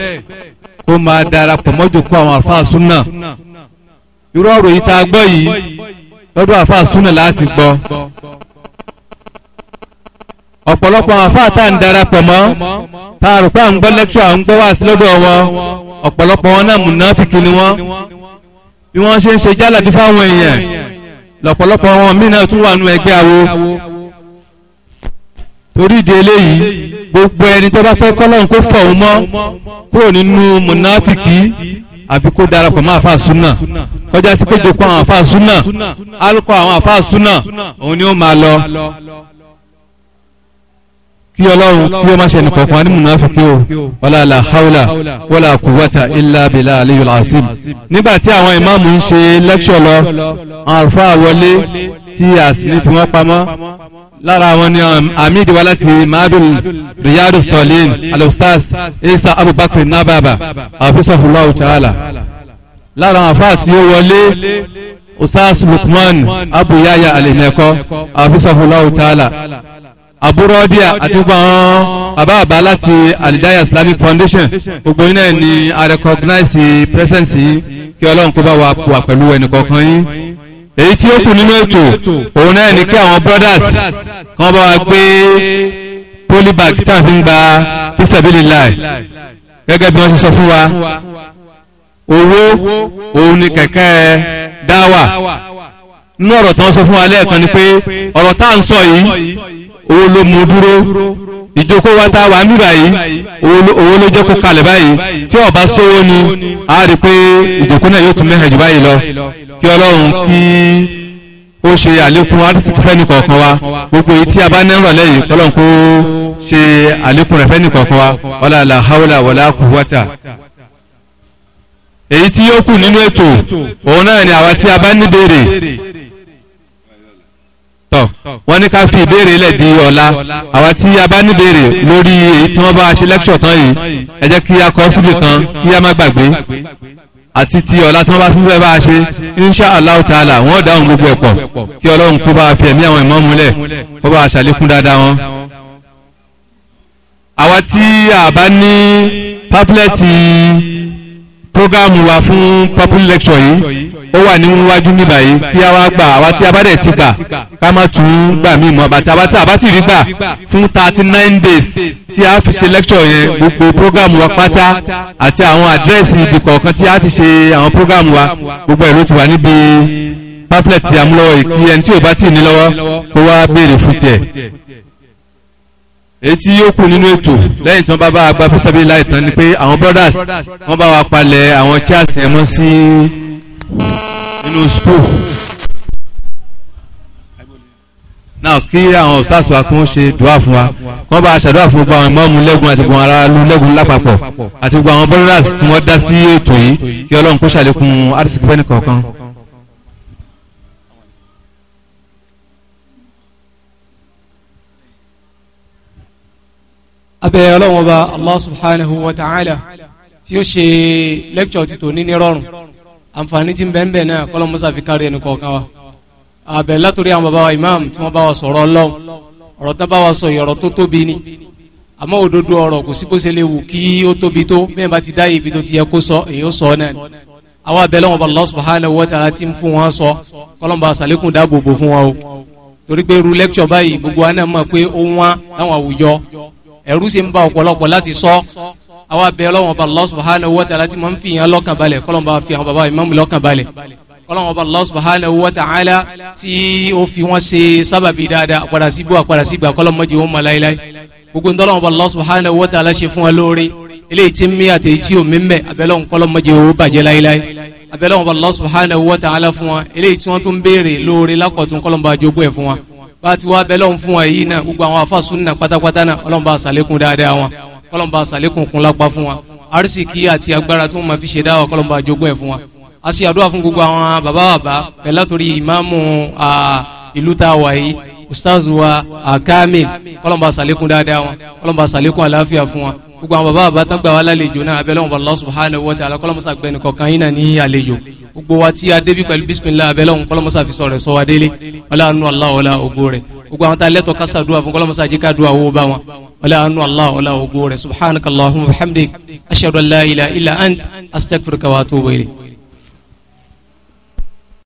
kó máa darapọ̀ mọ́jòkó àwọn àfáà súnà irú ọ̀rọ̀ yìí tá a gbọ́ yìí lọ́dọ̀ àfáà súnà láti gbọ́ ọ̀pọ̀lọpọ̀ àfáà tá à ń darapọ̀ mọ́ tá a rò pé à ń gbọ́ lẹ́kṣọ̀ à ń gbọ́ wá sí lọ́dọ̀ wọn ọ̀pọ̀lọpọ̀ wọn náà mùnáfíkì ni wọ́n bí wọ́n ṣe ń ṣe jálàbí fáwọn èèyàn lọ̀pọ̀lọpọ̀ wọn míì náà tún wà nú ẹgbẹ́ awo torí ìdí eléyìí gbogbo ẹni tó bá fẹ́ kọ́lọ́hún kó fọ̀ ọ́n mọ́ kúrò nínú mùnáfíkì àfi kó darapọ̀ mọ́ àfa súnà kọjá sí pé jòkó àwọn àfa súnà alukọ àwọn àfa súnà òun ni ó máa lọ kí ọlọ́run kí ó má ṣe nìkọ̀ọ̀kan ní mùnáfíkí o wala la haula wala quwwata illa bila aliyul azim nígbà tí àwọn ìmáàmù ń ṣe lẹ́kṣọ̀ lọ àwọn àlùfáà wọlé tí a sì ní fi wọ́n pamọ́ lára wọn ni um, amid wa láti maadul riyadu salim alustaz isa abubakar nababa afisahullahu ta'ala lára àwọn àfáà tí ó wọlé usas lukman abu yaya alimeko ta'ala aburọ́díà àti gbogbo àwọn bàbá àbá láti alidaya islamic foundation gbogbo yín náà ni a recognize presence yín kí ọlọ́run kó bá wa wà pẹ̀lú ẹnìkọ̀ọ̀kan yín èyí tí ó kù nínú ètò òun náà ni kí àwọn brothers kan bá wa gbé polybag tí a fi ń gba fisabilillah gẹ́gẹ́ bí wọ́n ṣe sọ fún wa owó òun ni kẹ̀kẹ́ dáwà nínú ọ̀rọ̀ tí wọ́n sọ fún wa lẹ́ẹ̀kan ni pé ọ̀rọ̀ tá à ń sọ yìí owó ló mú dúró ìjókòó wa tá a wà níbà yìí owó ló jẹ́ kó kalẹ̀ báyìí tí ọba sówó ni a rí i pé ìjókòó náà yóò tún mẹ́hẹ̀ jù báyìí lọ kí ọlọ́run kí ó ṣe àlékún arísìkí fẹ́ni kọ̀ọ̀kan wa gbogbo èyí tí a bá nẹ́rọ̀ lẹ́yìn kọ́lọ́n kó ṣe àlékún rẹ̀ fẹ́ni kọ̀ọ̀kan wa wàlá la haúlà wàlá kùwátà èyí tí yóò kù nínú ètò òun náà ni àwa tí a bá níbèrè tọ wọ́n ní ká fi ìbéèrè lẹ̀ di ọ̀la àwa tí a bá níbéèrè lórí èyí tí wọ́n bá ṣe lẹ́kṣọ̀ tán yìí ẹ jẹ́ kí a kọ síbi kan kí a má gbàgbé àti ti ọ̀la tí wọ́n bá fífẹ́ bá a ṣe insha allah ta'ala wọ́n dáhùn gbogbo ẹ̀pọ̀ kí ọlọ́run kó bá a fi ẹ̀mí àwọn ìmọ̀ múlẹ̀ kó bá a ṣàlékún dáadáa wọn. àwa tí a bá ní pápẹ́lẹ́tì prógámù wa fún purple lecture yìí ó wà níwájú níbà yìí kí a wá gbà àwa tí a bá dẹ̀ ti gbà ká má tún gbà mí mọ́ bàtà àwa tí rí gbà fún thirty nine days tí a fi ṣe lecture yẹn gbogbo prógámù wa pátá àti àwọn àdírẹ́sì ibi kọ̀ọ̀kan tí a ti ṣe àwọn prógámù wa gbogbo ẹ̀ ló ti wà níbi pamphlet tí a mú lọ́wọ́ yìí kí tí ò bá tì ní lọ́wọ́ kó wá béèrè fún tiẹ̀ ètí yóò kù nínú ètò lẹ́yìn tí wọ́n bá bá wa gba fẹsẹ̀bí láì tán ni pé àwọn brothers wọ́n bá wa palẹ̀ àwọn chairs yẹn mọ́ sí nínú school. náà kí àwọn stars wa kún ṣe dùá fún wa wọ́n bá ṣàdúrà fún gbogbo àwọn ìmọ̀ọ́mù lẹ́gùn àti gbogbo ara lu lẹ́gùn lápapọ̀ àti gbogbo àwọn brothers tí wọ́n dá sí ètò yìí kí ọlọ́run kó ṣàlékún àdìsíkú fẹ́ni kọ̀ọ̀kan. abẹ́ ọlọ́run ọba allah subhanahu wa ta'ala tí ó ṣe lẹ́kṣọ̀ ti tòní ní rọrùn àǹfààní tí ń bẹ́ẹ̀ bẹ́ẹ̀ náà kọ́lọ́ musa fi kárí ẹnu kọ̀ọ̀kan wa abẹ́ látòrí àwọn bàbá wa imam tí wọ́n bá wa sọ̀rọ̀ ọlọ́run ọ̀rọ̀ tán bá wa sọ ìyọ̀rọ̀ tó tóbi ni àmọ́ òdodo ọ̀rọ̀ kò sí bó ṣe lè wù kí ó tóbi tó bẹ́ẹ̀ bá ti dá ibi tó ti yẹ kó sọ èyí ó sọ náà àwọn abẹ́lẹ́ wọn bá Allah subhanahu wa ta'ala ti ń fún wọn sọ kọ́lọ́mbà sàlékún dáàbòbò fún wọn o torí pé irú lẹ́kṣọ̀ báyìí gbogbo wa mọ̀ pé ó wọ́n láwọn àwùjọ ẹ̀rú sì ń ba ọ̀pọ̀lọpọ̀ láti sọ àwa bẹ̀ ọlọ́wọ́n ọba Allah subhanahu wa ta'ala tí mo ń fi yẹn lọ́kàn balẹ̀ kọ́lọ́n bá fi àwọn baba ìmáàmù lọ́kàn balẹ̀ kọ́lọ́n ọba Allah subhanahu wa ta'ala tí ó fi wọ́n ṣe sábàbí dáadáa àpàdà síbú àpàdà sígbà kọ́lọ́n mọ́jì wọn mọ láéláé gbogbo ntọ́lọ́wọ́n ọba Allah bá jogún ẹ̀ bá a ti wá bẹ́ẹ̀ lọ́n fún wa yìí náà gbogbo àwọn afa sunna pátápátá náà ọlọ́run bá a sàlékún dáadáa wọn ọlọ́run bá a sàlékún kún lápá fún wa arísìkí àti agbára tó máa fi ṣe dáwà ọlọ́run bá a jogún ẹ̀ fún wa a sì àdúrà fún gbogbo àwọn bàbá bàbá bẹ́ẹ̀ látòrí ìmáàmù ìlú tá a wà yìí ustaz wa akamil ọlọ́run bá a sàlékún dáadáa wọn ọlọ́run bá a sàlékún àlàáfíà fún wa gbogbo àwọn bàbá bàbá tán gbà wá lálejò náà abẹ́lẹ́wọ̀n bá Allah subhanahu wa ta'ala kọ́lọ́mọ́sá gbẹ̀nù kọ̀ọ̀kan yín náà ní àlejò gbogbo wa tí a débi pẹ̀lú bismillah abẹ́lẹ́wọ̀n kọ́lọ́mọ́sá fi sọ̀rọ̀ sọ wa wọlé àánú Allah wọlé ògo rẹ̀ gbogbo àwọn tá a kásá dúwà fún kọ́lọ́mọ́sá jẹ́ ká dúwà wó bá wọn wọlé àánú Allah wọlé ògo rẹ̀